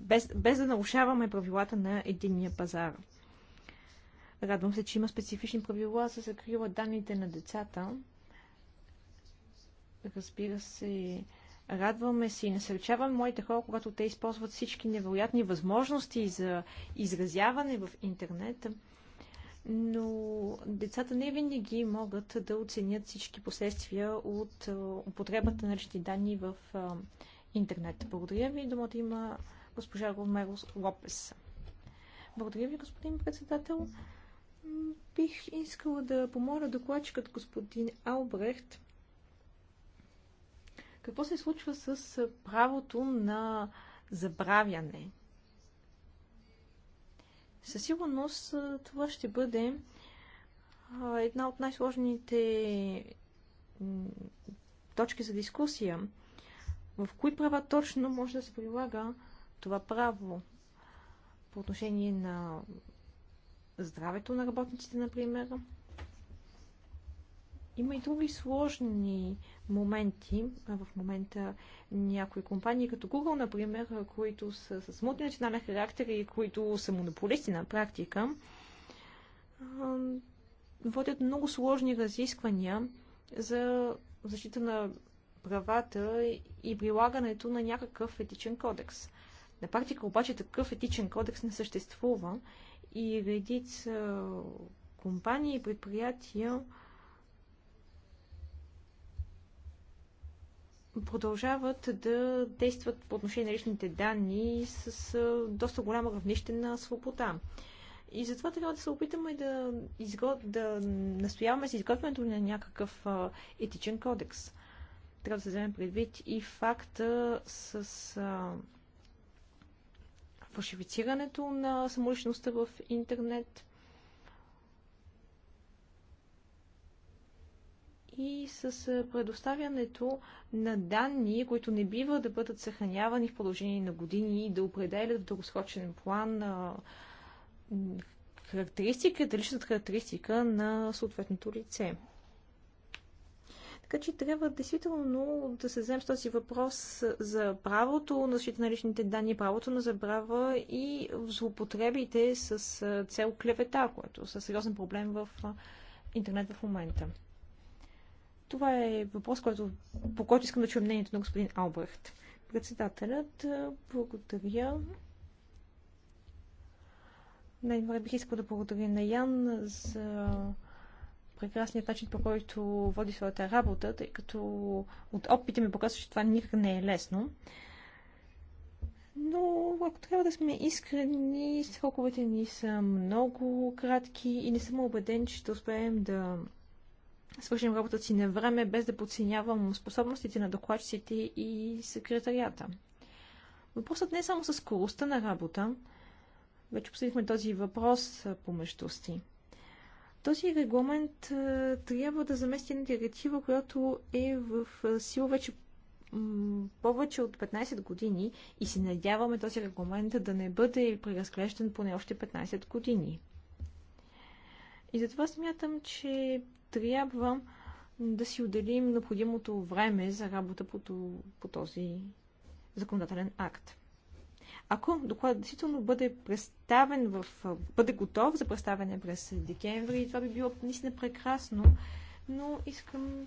Speaker 1: без, без да нарушаваме правилата на единния пазар. Радвам се, че има специфични правила за закрила данните на децата. Разбира се, радваме се и насърчаваме моите хора, когато те използват всички невероятни възможности за изразяване в интернет но децата не винаги могат да оценят всички последствия от употребата на лични данни в интернет. Благодаря ви. Думата има госпожа Ромеро Лопес. Благодаря ви, господин председател. Бих искала да помоля докладчикът господин Албрехт какво се случва с правото на забравяне със сигурност това ще бъде една от най-сложните точки за дискусия. В кои права точно може да се прилага това право по отношение на здравето на работниците, например, има и други сложни моменти. В момента някои компании, като Google, например, които са с мултинационален характер и които са монополисти на практика, водят много сложни разисквания за защита на правата и прилагането на някакъв етичен кодекс. На практика обаче такъв етичен кодекс не съществува и редица компании и предприятия продължават да действат по отношение на личните данни с доста голямо равнище на свобода. И затова трябва да се опитаме да, изгод... да настояваме с изготвянето на някакъв етичен кодекс. Трябва да се вземе предвид и факта с а, фалшифицирането на самоличността в интернет, и с предоставянето на данни, които не бива да бъдат съхранявани в продължение на години и да определят в дългосрочен план характеристиката, личната характеристика на съответното лице. Така че трябва действително да се вземем с този въпрос за правото на защита на личните данни, правото на забрава и злоупотребите с цел клевета, което е са сериозен проблем в интернет в момента. Това е въпрос, който, по който искам да чуя мнението на господин Албрехт. Председателят, благодаря. Най-добре бих искал да благодаря на Ян за прекрасният начин, по който води своята работа, тъй като от опита ми показва, че това никак не е лесно. Но ако трябва да сме искрени, сроковете ни са много кратки и не съм убеден, че ще успеем да свършим работата си на време, без да подценявам способностите на докладчиците и секретарията. Въпросът не е само с скоростта на работа. Вече обсъдихме този въпрос по си. Този регламент трябва да замести една директива, която е в сила вече повече от 15 години и се надяваме този регламент да не бъде преразглеждан поне още 15 години. И затова смятам, че трябва да си отделим необходимото време за работа по, по този законодателен акт. Ако докладът действително бъде представен в, бъде готов за представяне през декември, това би било наистина прекрасно, но искам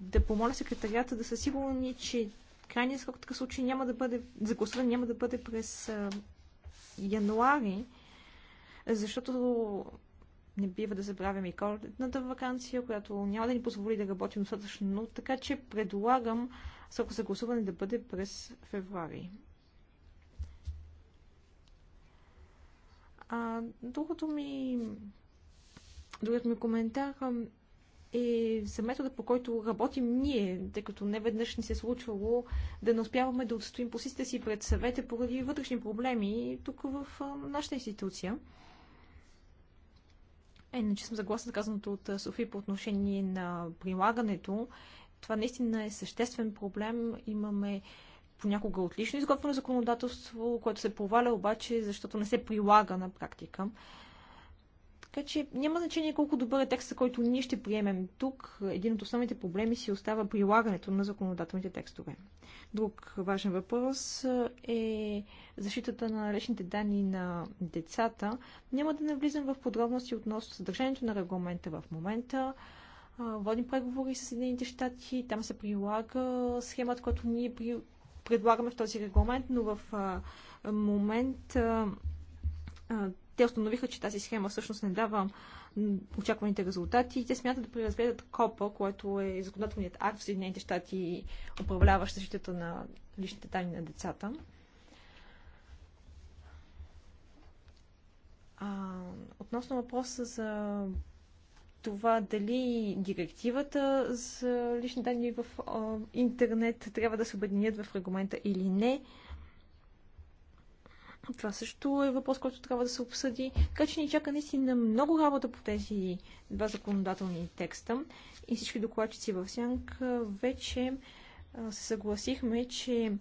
Speaker 1: да помоля секретарията да са сигурни, че крайният срок в такъв случай няма да бъде, загласуван, няма да бъде през а, януари, защото не бива да забравяме и коледната вакансия, която няма да ни позволи да работим достатъчно, така че предлагам срока за гласуване да бъде през февруари. А, другото ми, другото ми коментар е за метода, по който работим ние, тъй като не веднъж ни се е случвало да не успяваме да отстоим позицията си пред съвета поради вътрешни проблеми тук в нашата институция. Е, че съм съгласна с казаното от Софи по отношение на прилагането. Това наистина е съществен проблем. Имаме понякога отлично изготвено законодателство, което се проваля, обаче, защото не се прилага на практика. Така че няма значение колко добър е текстът, който ние ще приемем тук. Един от основните проблеми си остава прилагането на законодателните текстове. Друг важен въпрос е защитата на личните данни на децата. Няма да навлизам в подробности относно съдържанието на регламента в момента. Водим преговори с Съединените щати. Там се прилага схемата, която ние при... предлагаме в този регламент, но в момент те установиха, че тази схема всъщност не дава очакваните резултати и те смятат да преразгледат КОПА, което е законодателният акт в Съединените щати, управляващ защитата на личните данни на децата. А, относно въпроса за това дали директивата за лични данни в интернет трябва да се объединят в регламента или не, това също е въпрос, който трябва да се обсъди. Така че ни чака наистина много работа по тези два законодателни текста и всички докладчици в Сянка вече се съгласихме, че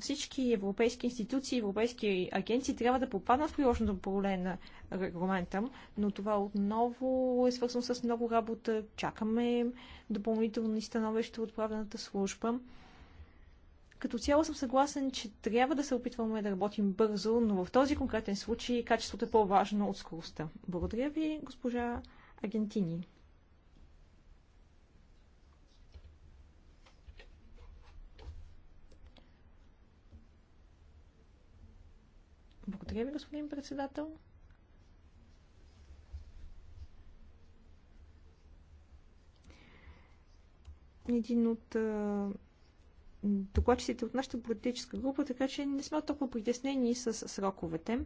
Speaker 1: всички европейски институции, европейски агенции трябва да попаднат в приложното поле на регламента, но това отново е свързано с много работа. Чакаме допълнителни становища от правената служба. Като цяло съм съгласен, че трябва да се опитваме да работим бързо, но в този конкретен случай качеството е по-важно от скоростта. Благодаря ви, госпожа Аргентини. Благодаря ви, господин председател. Един от докладчиците от нашата политическа група, така че не сме толкова притеснени с сроковете.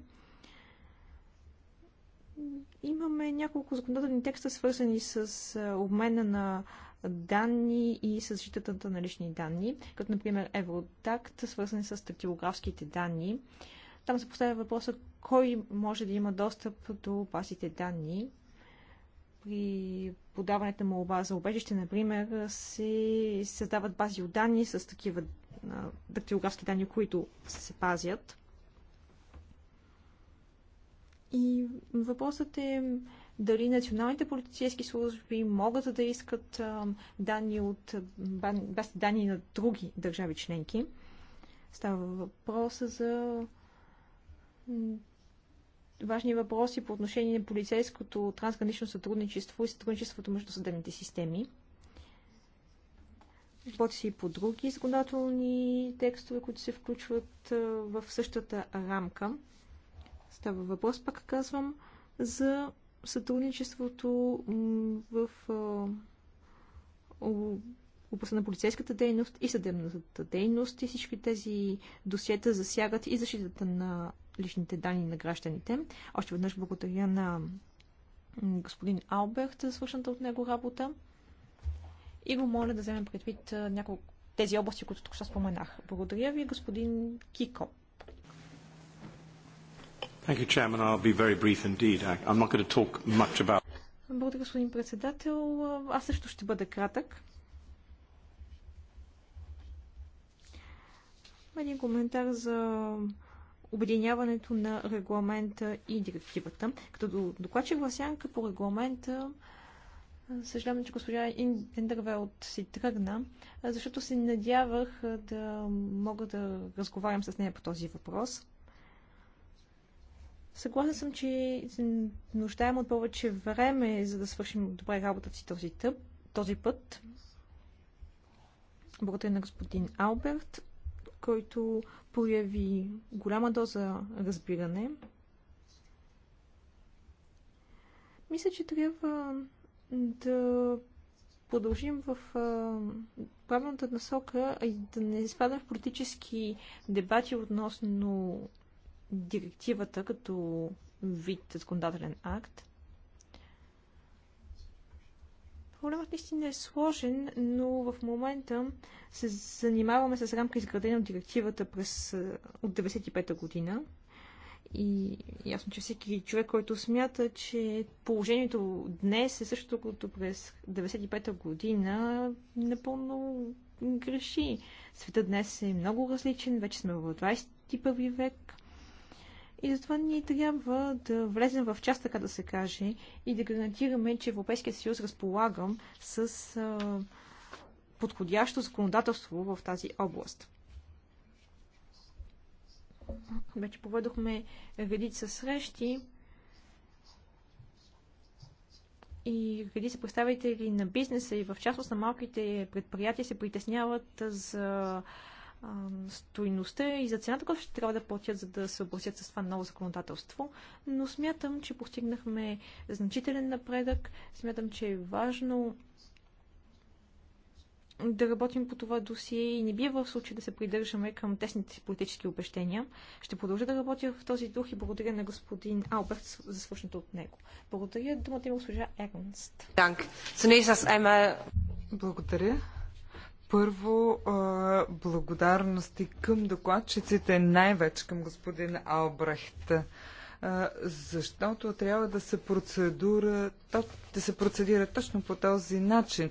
Speaker 1: Имаме няколко законодателни текста, свързани с обмена на данни и с защитата на лични данни, като например Евротакт, свързани с статилографските данни. Там се поставя въпроса кой може да има достъп до базите данни при подаването му оба за обежище, например, се създават бази от данни с такива дактилографски данни, които се пазят. И въпросът е дали националните полицейски служби могат да искат данни от бази данни на други държави членки. Става въпрос за важни въпроси по отношение на полицейското трансгранично сътрудничество и сътрудничеството между съдебните системи. Работи се и по други законодателни текстове, които се включват в същата рамка. Става въпрос, пак казвам, за сътрудничеството в областта на полицейската дейност и съдебната дейност и всички тези досиета засягат и защитата на личните данни на гражданите. Още веднъж благодаря на господин Алберт за свършната от него работа и го моля да вземем предвид няколко тези области, които тук ще споменах. Благодаря ви, господин Кико.
Speaker 3: Thank you, Chairman. I'll be very brief indeed. I'm not going to talk much about...
Speaker 1: Благодаря, господин председател. Аз също ще бъда кратък. Един коментар за обединяването на регламента и директивата. Като до докладчик в сянка по регламента Съжалявам, че госпожа Индервелт си тръгна, защото се надявах да мога да разговарям с нея по този въпрос. Съгласна съм, че нуждаем от повече време, за да свършим добре работата си този, тъп, този път. Благодаря на господин Алберт, който прояви голяма доза разбиране. Мисля, че трябва да продължим в правилната насока и да не изпадаме в политически дебати относно директивата като вид законодателен акт. проблемът наистина е сложен, но в момента се занимаваме с рамка изградена от директивата през, от 95-та година. И ясно, че всеки човек, който смята, че положението днес е същото като през 95-та година, напълно греши. Светът днес е много различен, вече сме в 21 век и затова ние трябва да влезем в част, така да се каже, и да гарантираме, че Европейският съюз разполагам с а, подходящо законодателство в тази област. Вече поведохме редица срещи и редица представители на бизнеса и в частност на малките предприятия се притесняват за стойността и за цената, която ще трябва да платят, за да се обласят с това ново законодателство. Но смятам, че постигнахме значителен напредък. Смятам, че е важно да работим по това досие и не бива в случай да се придържаме към тесните си политически обещения. Ще продължа да работя в този дух и благодаря на господин Алберт за свършното от него. Благодаря думата има госпожа Ернст.
Speaker 2: Благодаря. Първо, благодарности към докладчиците, най-вече към господин Албрехт защото трябва да се, процедура, да се процедира точно по този начин.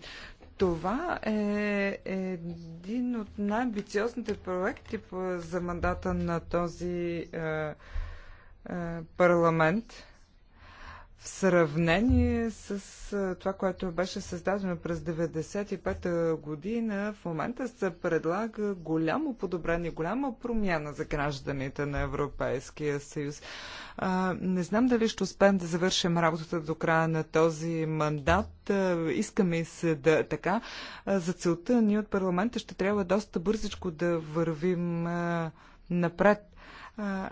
Speaker 2: Това е един от най-амбициозните проекти за мандата на този парламент в сравнение с това, което беше създадено през 1995 година, в момента се предлага голямо подобрение, голяма промяна за гражданите на Европейския съюз. А, не знам дали ще успеем да завършим работата до края на този мандат. Искаме се да така. За целта ние от парламента ще трябва доста бързичко да вървим а, напред. А,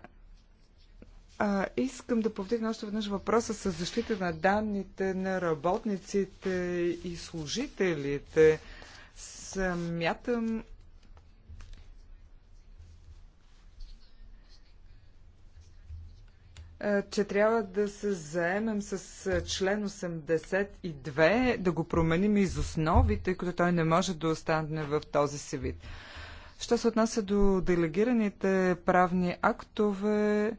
Speaker 2: а, искам да повдигна още веднъж въпроса с защита на данните на работниците и служителите. Смятам, че трябва да се заемем с член 82, да го променим из основи, тъй като той не може да остане в този си вид. Що се отнася до делегираните правни актове,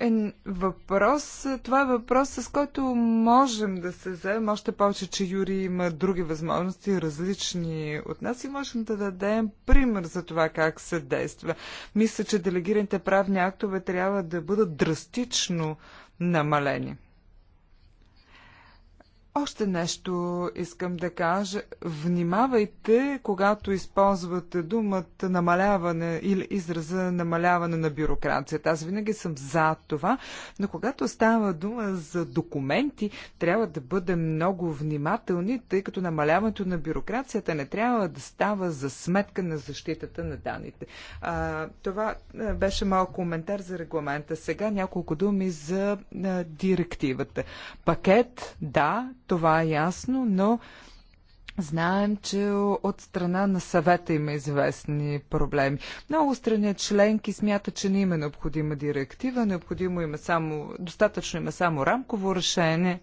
Speaker 2: е въпрос. Това е въпрос, с който можем да се вземем. Още повече, че Юри има други възможности, различни от нас и можем да дадем пример за това как се действа. Мисля, че делегираните правни актове трябва да бъдат драстично намалени. Още нещо искам да кажа. Внимавайте, когато използвате думата намаляване или израза намаляване на бюрокрацията. Аз винаги съм за това, но когато става дума за документи, трябва да бъдем много внимателни, тъй като намаляването на бюрокрацията не трябва да става за сметка на защитата на данните. А, това беше малко коментар за регламента. Сега няколко думи за а, директивата. Пакет, да, това е ясно, но Знаем, че от страна на съвета има известни проблеми. Много страни членки смятат, че не има необходима директива, необходимо има само, достатъчно има само рамково решение.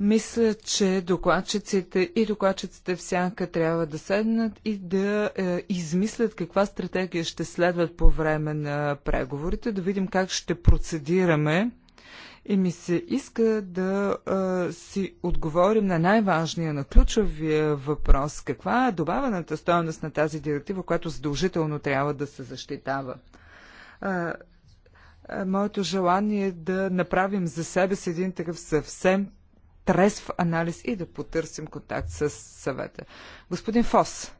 Speaker 2: Мисля, че докладчиците и докладчиците всяка трябва да седнат и да е, измислят каква стратегия ще следват по време на преговорите, да видим как ще процедираме и ми се иска да а, си отговорим на най-важния, на ключовия въпрос. Каква е добавената стоеност на тази директива, която задължително трябва да се защитава? А, моето желание е да направим за себе си един такъв съвсем трезв анализ и да потърсим контакт с съвета. Господин Фос.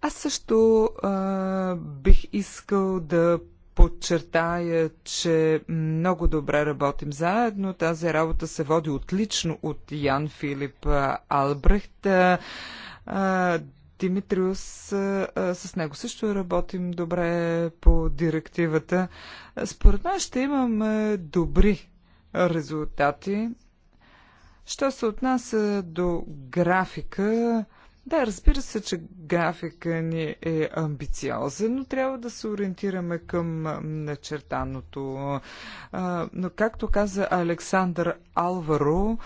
Speaker 2: Аз също а, бих искал да подчертая, че много добре работим заедно. Тази работа се води отлично от Ян Филип Албрехт. Димитриус, с него също работим добре по директивата. Според нас ще имаме добри резултати. Що се отнася до графика, да, разбира се, че графика ни е амбициозен, но трябва да се ориентираме към начертаното. Но както каза Александър Алваро,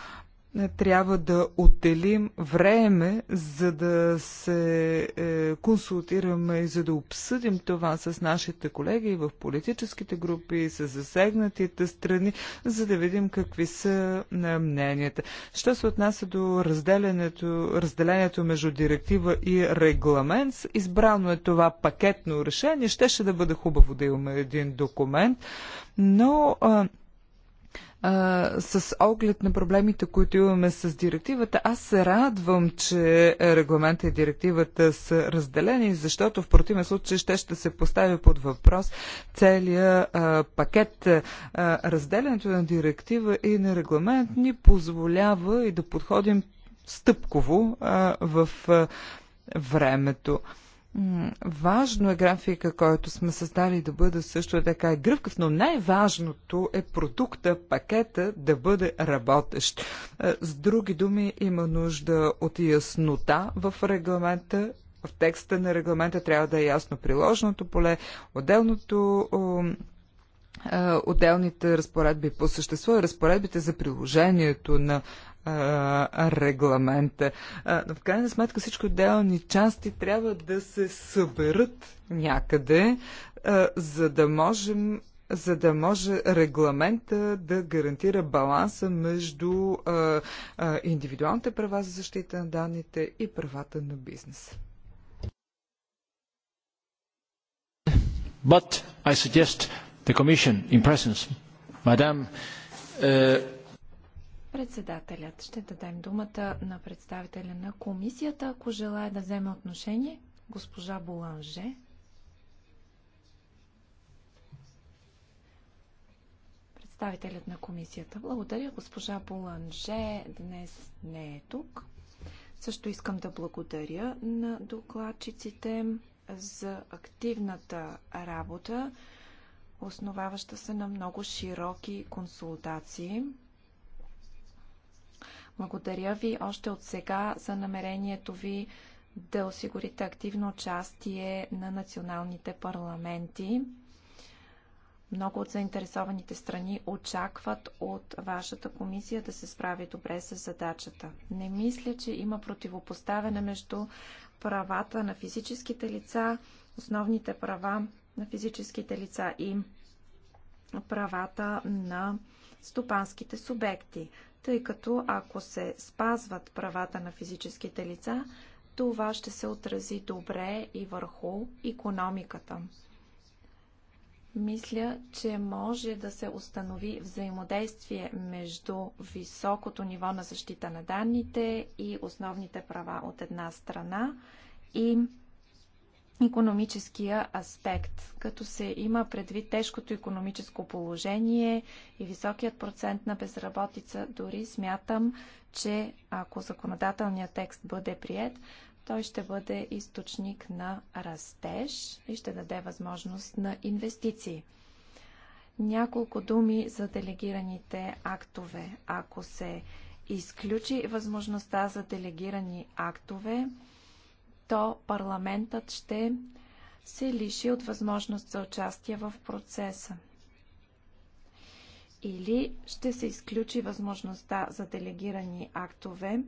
Speaker 2: трябва да отделим време, за да се е, консултираме и за да обсъдим това с нашите колеги в политическите групи, с засегнатите страни, за да видим какви са е, мненията. Що се отнася до разделението, разделението между директива и регламент, избрано е това пакетно решение. Щеше да бъде хубаво да имаме един документ, но. Е, а, с оглед на проблемите, които имаме с директивата, аз се радвам, че регламента и директивата са разделени, защото в противен случай ще, ще се поставя под въпрос целият а, пакет. А, разделянето на директива и на регламент ни позволява и да подходим стъпково а, в а, времето. Важно е графика, който сме създали да бъде също така и гръвкав, но най-важното е продукта, пакета да бъде работещ. Е, с други думи, има нужда от яснота в регламента в текста на регламента трябва да е ясно приложеното поле, отделното е, отделните разпоредби по същество и разпоредбите за приложението на а, в крайна сметка всички отделни части трябва да се съберат някъде, а, за да можем за да може регламента да гарантира баланса между а, а, индивидуалните права за защита на данните и правата на бизнеса.
Speaker 1: But I suggest the Commission in presence, Madame
Speaker 3: uh, Председателят. Ще дадем думата на представителя на комисията, ако желая да вземе отношение. Госпожа Буланже. Представителят на комисията. Благодаря. Госпожа Буланже, днес не е тук. Също искам да благодаря на докладчиците за активната работа, основаваща се на много широки консултации. Благодаря ви още от сега за намерението ви да осигурите активно участие на националните парламенти. Много от заинтересованите страни очакват от вашата комисия да се справи добре с задачата. Не мисля, че има противопоставяне между правата на физическите лица, основните права на физическите лица и правата на стопанските субекти, тъй като ако се спазват правата на физическите лица, това ще се отрази добре и върху економиката. Мисля, че може да се установи взаимодействие между високото ниво на защита на данните и основните права от една страна и економическия аспект, като се има предвид тежкото економическо положение и високият процент на безработица. Дори смятам, че ако законодателният текст бъде прият, той ще бъде източник на растеж и ще даде възможност на инвестиции. Няколко думи за делегираните актове. Ако се изключи възможността за делегирани актове, то парламентът ще се лиши от възможност за участие в процеса. Или ще се изключи възможността за делегирани актове,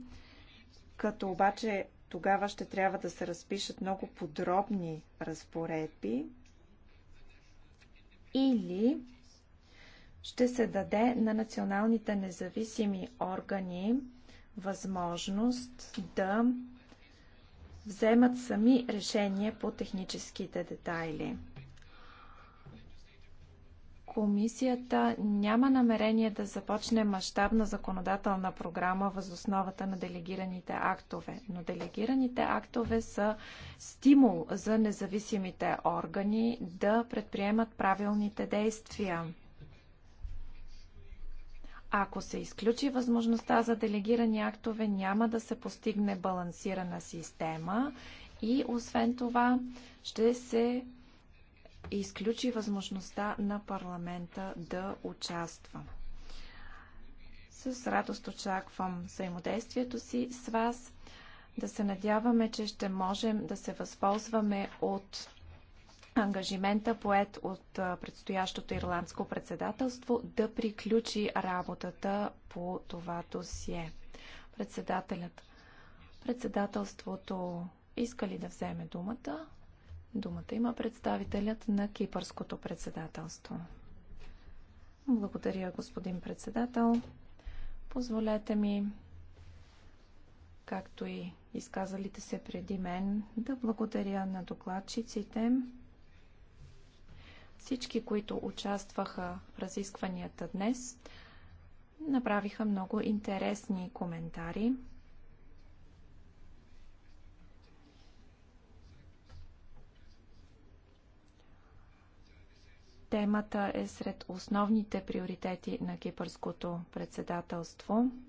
Speaker 3: като обаче тогава ще трябва да се разпишат много подробни разпоредби, или ще се даде на националните независими органи възможност да вземат сами решение по техническите детайли. Комисията няма намерение да започне мащабна законодателна програма въз основата на делегираните актове, но делегираните актове са стимул за независимите органи да предприемат правилните действия. Ако се изключи възможността за делегирани актове, няма да се постигне балансирана система и освен това ще се изключи възможността на парламента да участва. С радост очаквам взаимодействието си с вас. Да се надяваме, че ще можем да се възползваме от ангажимента поет от предстоящото ирландско председателство да приключи работата по това досие. Председателят. Председателството иска ли да вземе думата? Думата има представителят на кипърското председателство. Благодаря, господин председател. Позволете ми, както и изказалите се преди мен, да благодаря на докладчиците, всички, които участваха в разискванията днес, направиха много интересни коментари. Темата е сред основните приоритети на кипърското председателство –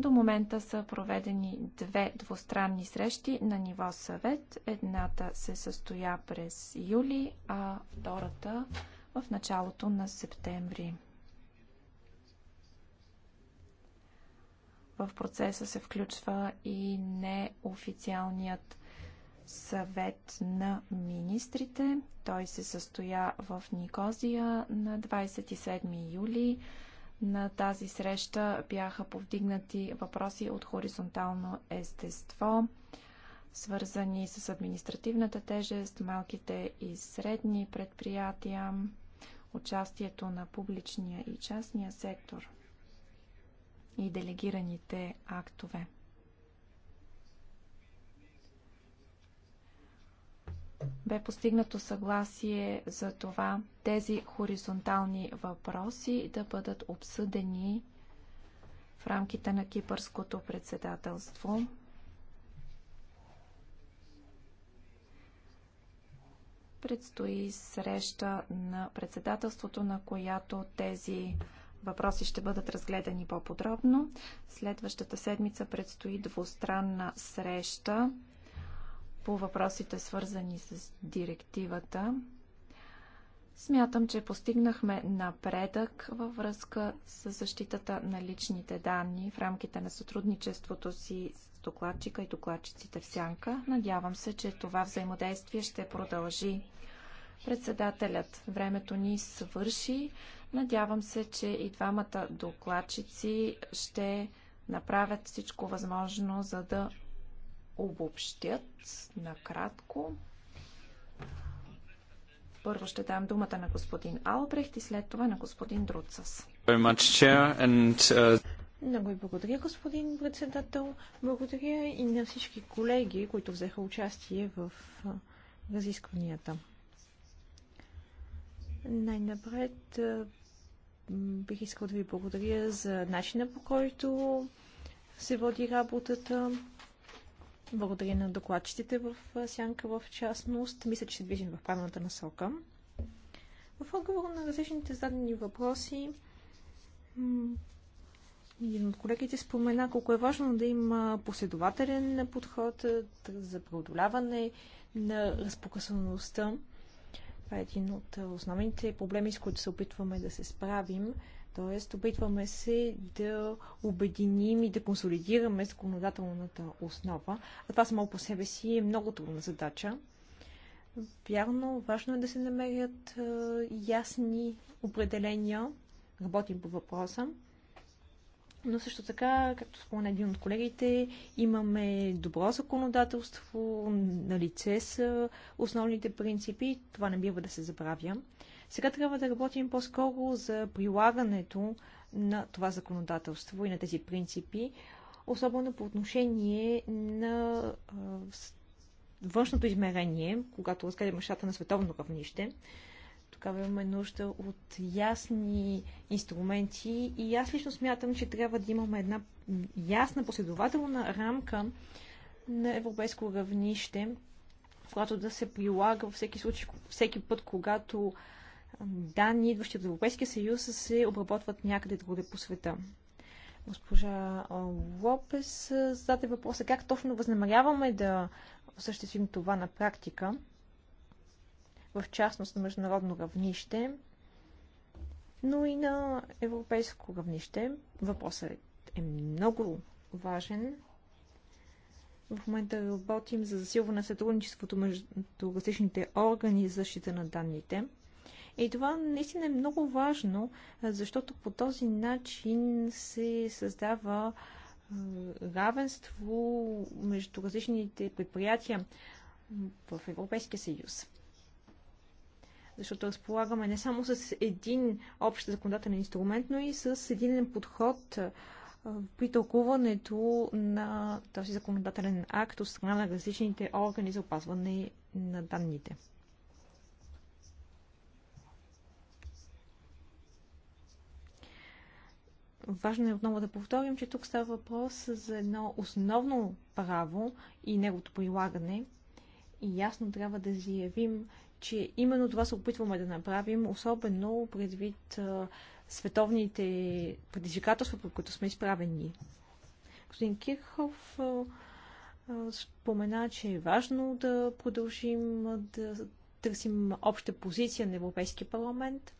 Speaker 3: До момента са проведени две двустранни срещи на ниво съвет. Едната се състоя през юли, а втората в началото на септември. В процеса се включва и неофициалният съвет на министрите. Той се състоя в Никозия на 27 юли. На тази среща бяха повдигнати въпроси от хоризонтално естество, свързани с административната тежест, малките и средни предприятия, участието на публичния и частния сектор и делегираните актове. бе постигнато съгласие за това тези хоризонтални въпроси да бъдат обсъдени в рамките на кипърското председателство. Предстои среща на председателството, на която тези въпроси ще бъдат разгледани по-подробно. Следващата седмица предстои двустранна среща по въпросите свързани с директивата. Смятам, че постигнахме напредък във връзка с защитата на личните данни в рамките на сътрудничеството си с докладчика и докладчиците в Сянка. Надявам се, че това взаимодействие ще продължи. Председателят, времето ни свърши. Надявам се, че и двамата докладчици ще направят всичко възможно, за да обобщят накратко. Първо ще дам думата на господин Албрехт и след това на господин Друцас.
Speaker 2: Uh,
Speaker 3: Много ви благодаря, господин председател.
Speaker 1: Благодаря и на всички колеги, които взеха участие в разискванията. Най-напред бих искал да ви благодаря за начина по който се води работата, благодаря на докладчиците в Сянка в частност. Мисля, че се движим в правилната насока. В отговор на различните зададени въпроси, един от колегите спомена колко е важно да има последователен подход за преодоляване на разпокъсаността. Това е един от основните проблеми, с които се опитваме да се справим. Тоест, опитваме се да обединим и да консолидираме законодателната основа. А това само по себе си е много трудна задача. Вярно, важно е да се намерят е, ясни определения. Работим по въпроса. Но също така, както спомена един от колегите, имаме добро законодателство, на лице са основните принципи. Това не бива да се забравя. Сега трябва да работим по-скоро за прилагането на това законодателство и на тези принципи, особено по отношение на външното измерение, когато разгледаме нещата на световно равнище. Тогава имаме нужда от ясни инструменти и аз лично смятам, че трябва да имаме една ясна последователна рамка на европейско равнище, която да се прилага във всеки случай, всеки път, когато данни, идващи от Европейския съюз, се обработват някъде другаде по света. Госпожа Лопес зададе въпроса как точно възнамеряваме да осъществим това на практика, в частност на международно равнище, но и на европейско равнище. Въпросът е много важен. В момента работим за засилване на сътрудничеството между различните органи за защита на данните – и това наистина е много важно, защото по този начин се създава равенство между различните предприятия в Европейския съюз. Защото разполагаме не само с един общ законодателен инструмент, но и с един подход при тълкуването на този законодателен акт от страна на различните органи за опазване на данните. Важно е отново да повторим, че тук става въпрос за едно основно право и неговото прилагане. И ясно трябва да заявим, че именно това се опитваме да направим, особено предвид световните предизвикателства, по които сме изправени. Господин Кирхов спомена, че е важно да продължим да търсим обща позиция на Европейския парламент.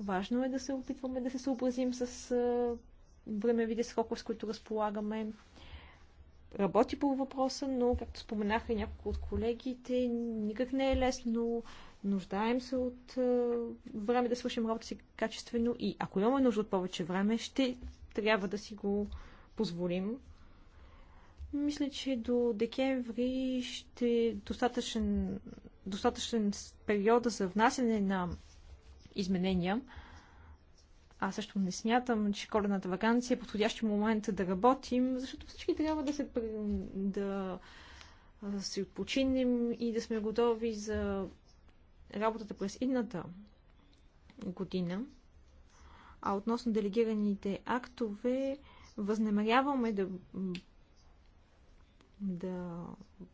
Speaker 1: Важно е да се опитваме да се съобразим с времевите срокове, с които разполагаме. Работи по въпроса, но, както споменаха и няколко от колегите, никак не е лесно. Нуждаем се от време да свършим работа си качествено и ако имаме нужда от повече време, ще трябва да си го позволим. Мисля, че до декември ще е достатъчен, достатъчен период за внасяне на изменения. Аз също не смятам, че коледната вакансия е подходящ момент да работим, защото всички трябва да се, да, да се отпочинем и да сме готови за работата през идната година. А относно делегираните актове, възнамеряваме да да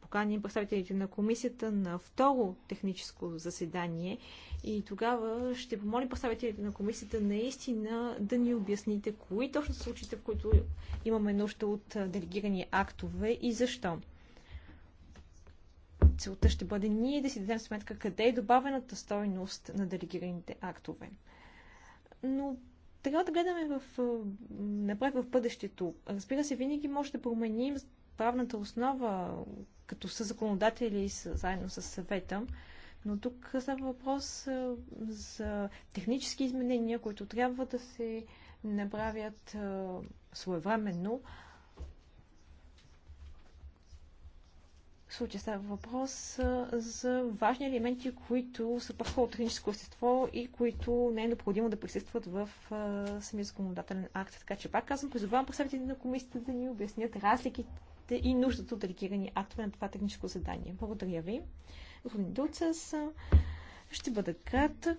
Speaker 1: поканим представителите на комисията на второ техническо заседание и тогава ще помолим представителите на комисията наистина да ни обясните кои точно са случаите, в които имаме нужда от делегирани актове и защо. Целта ще бъде ние да си дадем сметка къде е добавената стойност на делегираните актове. Но трябва да гледаме в, напред в бъдещето. Разбира се, винаги може да променим правната основа, като са законодатели заедно с съвета, но тук става въпрос е, за технически изменения, които трябва да се направят е, своевременно. В случая става въпрос е, за важни елементи, които са първо от техническо естество и които не е необходимо да присъстват в самия законодателен акт. Така че пак казвам, призовавам представителите на комисията да ни обяснят разликите факта и нуждата от делегирани актове на това техническо задание. Благодаря ви. Господин Дуцес, ще бъда кратък.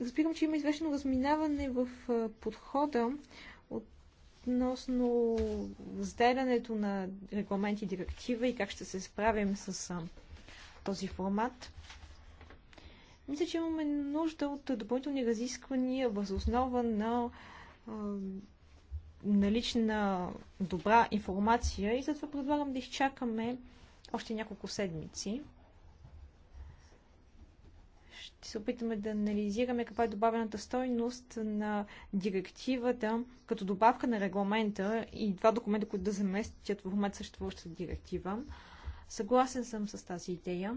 Speaker 1: Разбирам, че има известно разминаване в подхода относно разделянето на регламент и директива и как ще се справим с този формат. Мисля, че имаме нужда от допълнителни разисквания въз основа на налична добра информация и затова предлагам да изчакаме още няколко седмици. Ще се опитаме да анализираме каква е добавената стойност на директивата като добавка на регламента и два документа, които да заместят в момента съществуващата директива. Съгласен съм с тази идея,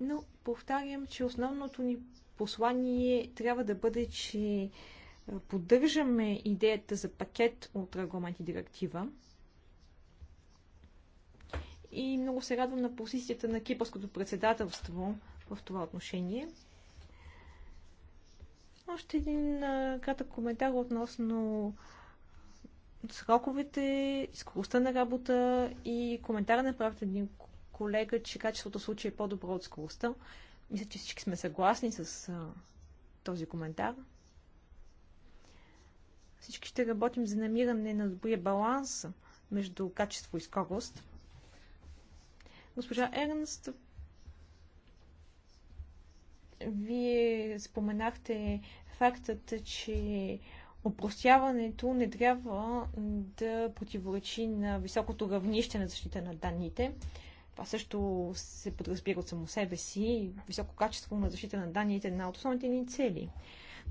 Speaker 1: но повтарям, че основното ни послание трябва да бъде, че поддържаме идеята за пакет от регламент и директива. И много се радвам на позицията на кипърското председателство в това отношение. Още един кратък коментар относно сроковете, скоростта на работа и коментара на правите един колега, че качеството случай е по-добро от скоростта. Мисля, че всички сме съгласни с този коментар. Всички ще работим за намиране на добрия баланс между качество и скорост. Госпожа Ернст, вие споменахте фактът, че Опростяването не трябва да противоречи на високото равнище на защита на данните. Това също се подразбира от само себе си. Високо качество на защита на данните е една от основните ни цели.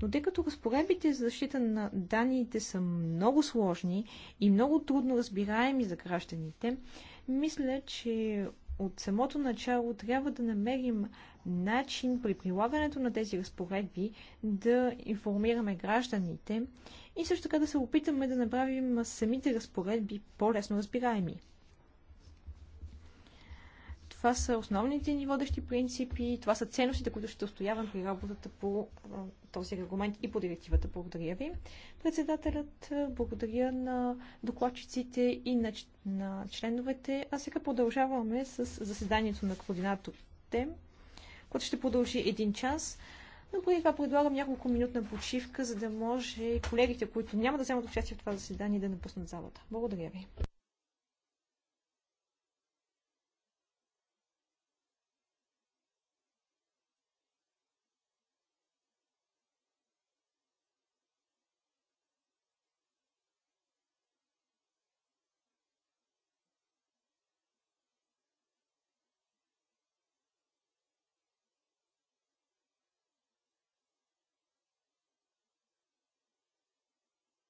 Speaker 1: Но тъй като разпоредбите за защита на данните са много сложни и много трудно разбираеми за гражданите, мисля, че от самото начало трябва да намерим начин при прилагането на тези разпоредби да информираме гражданите и също така да се опитаме да направим самите разпоредби по-лесно разбираеми. Това са основните ни водещи принципи, това са ценностите, които ще устоявам при работата по този регламент и по директивата. Благодаря ви. Председателят, благодаря на докладчиците и на, на членовете. А сега продължаваме с заседанието на координаторите, което ще продължи един час. Но преди това предлагам няколко минутна почивка, за да може колегите, които няма да вземат участие в това заседание, да напуснат залата. Благодаря ви.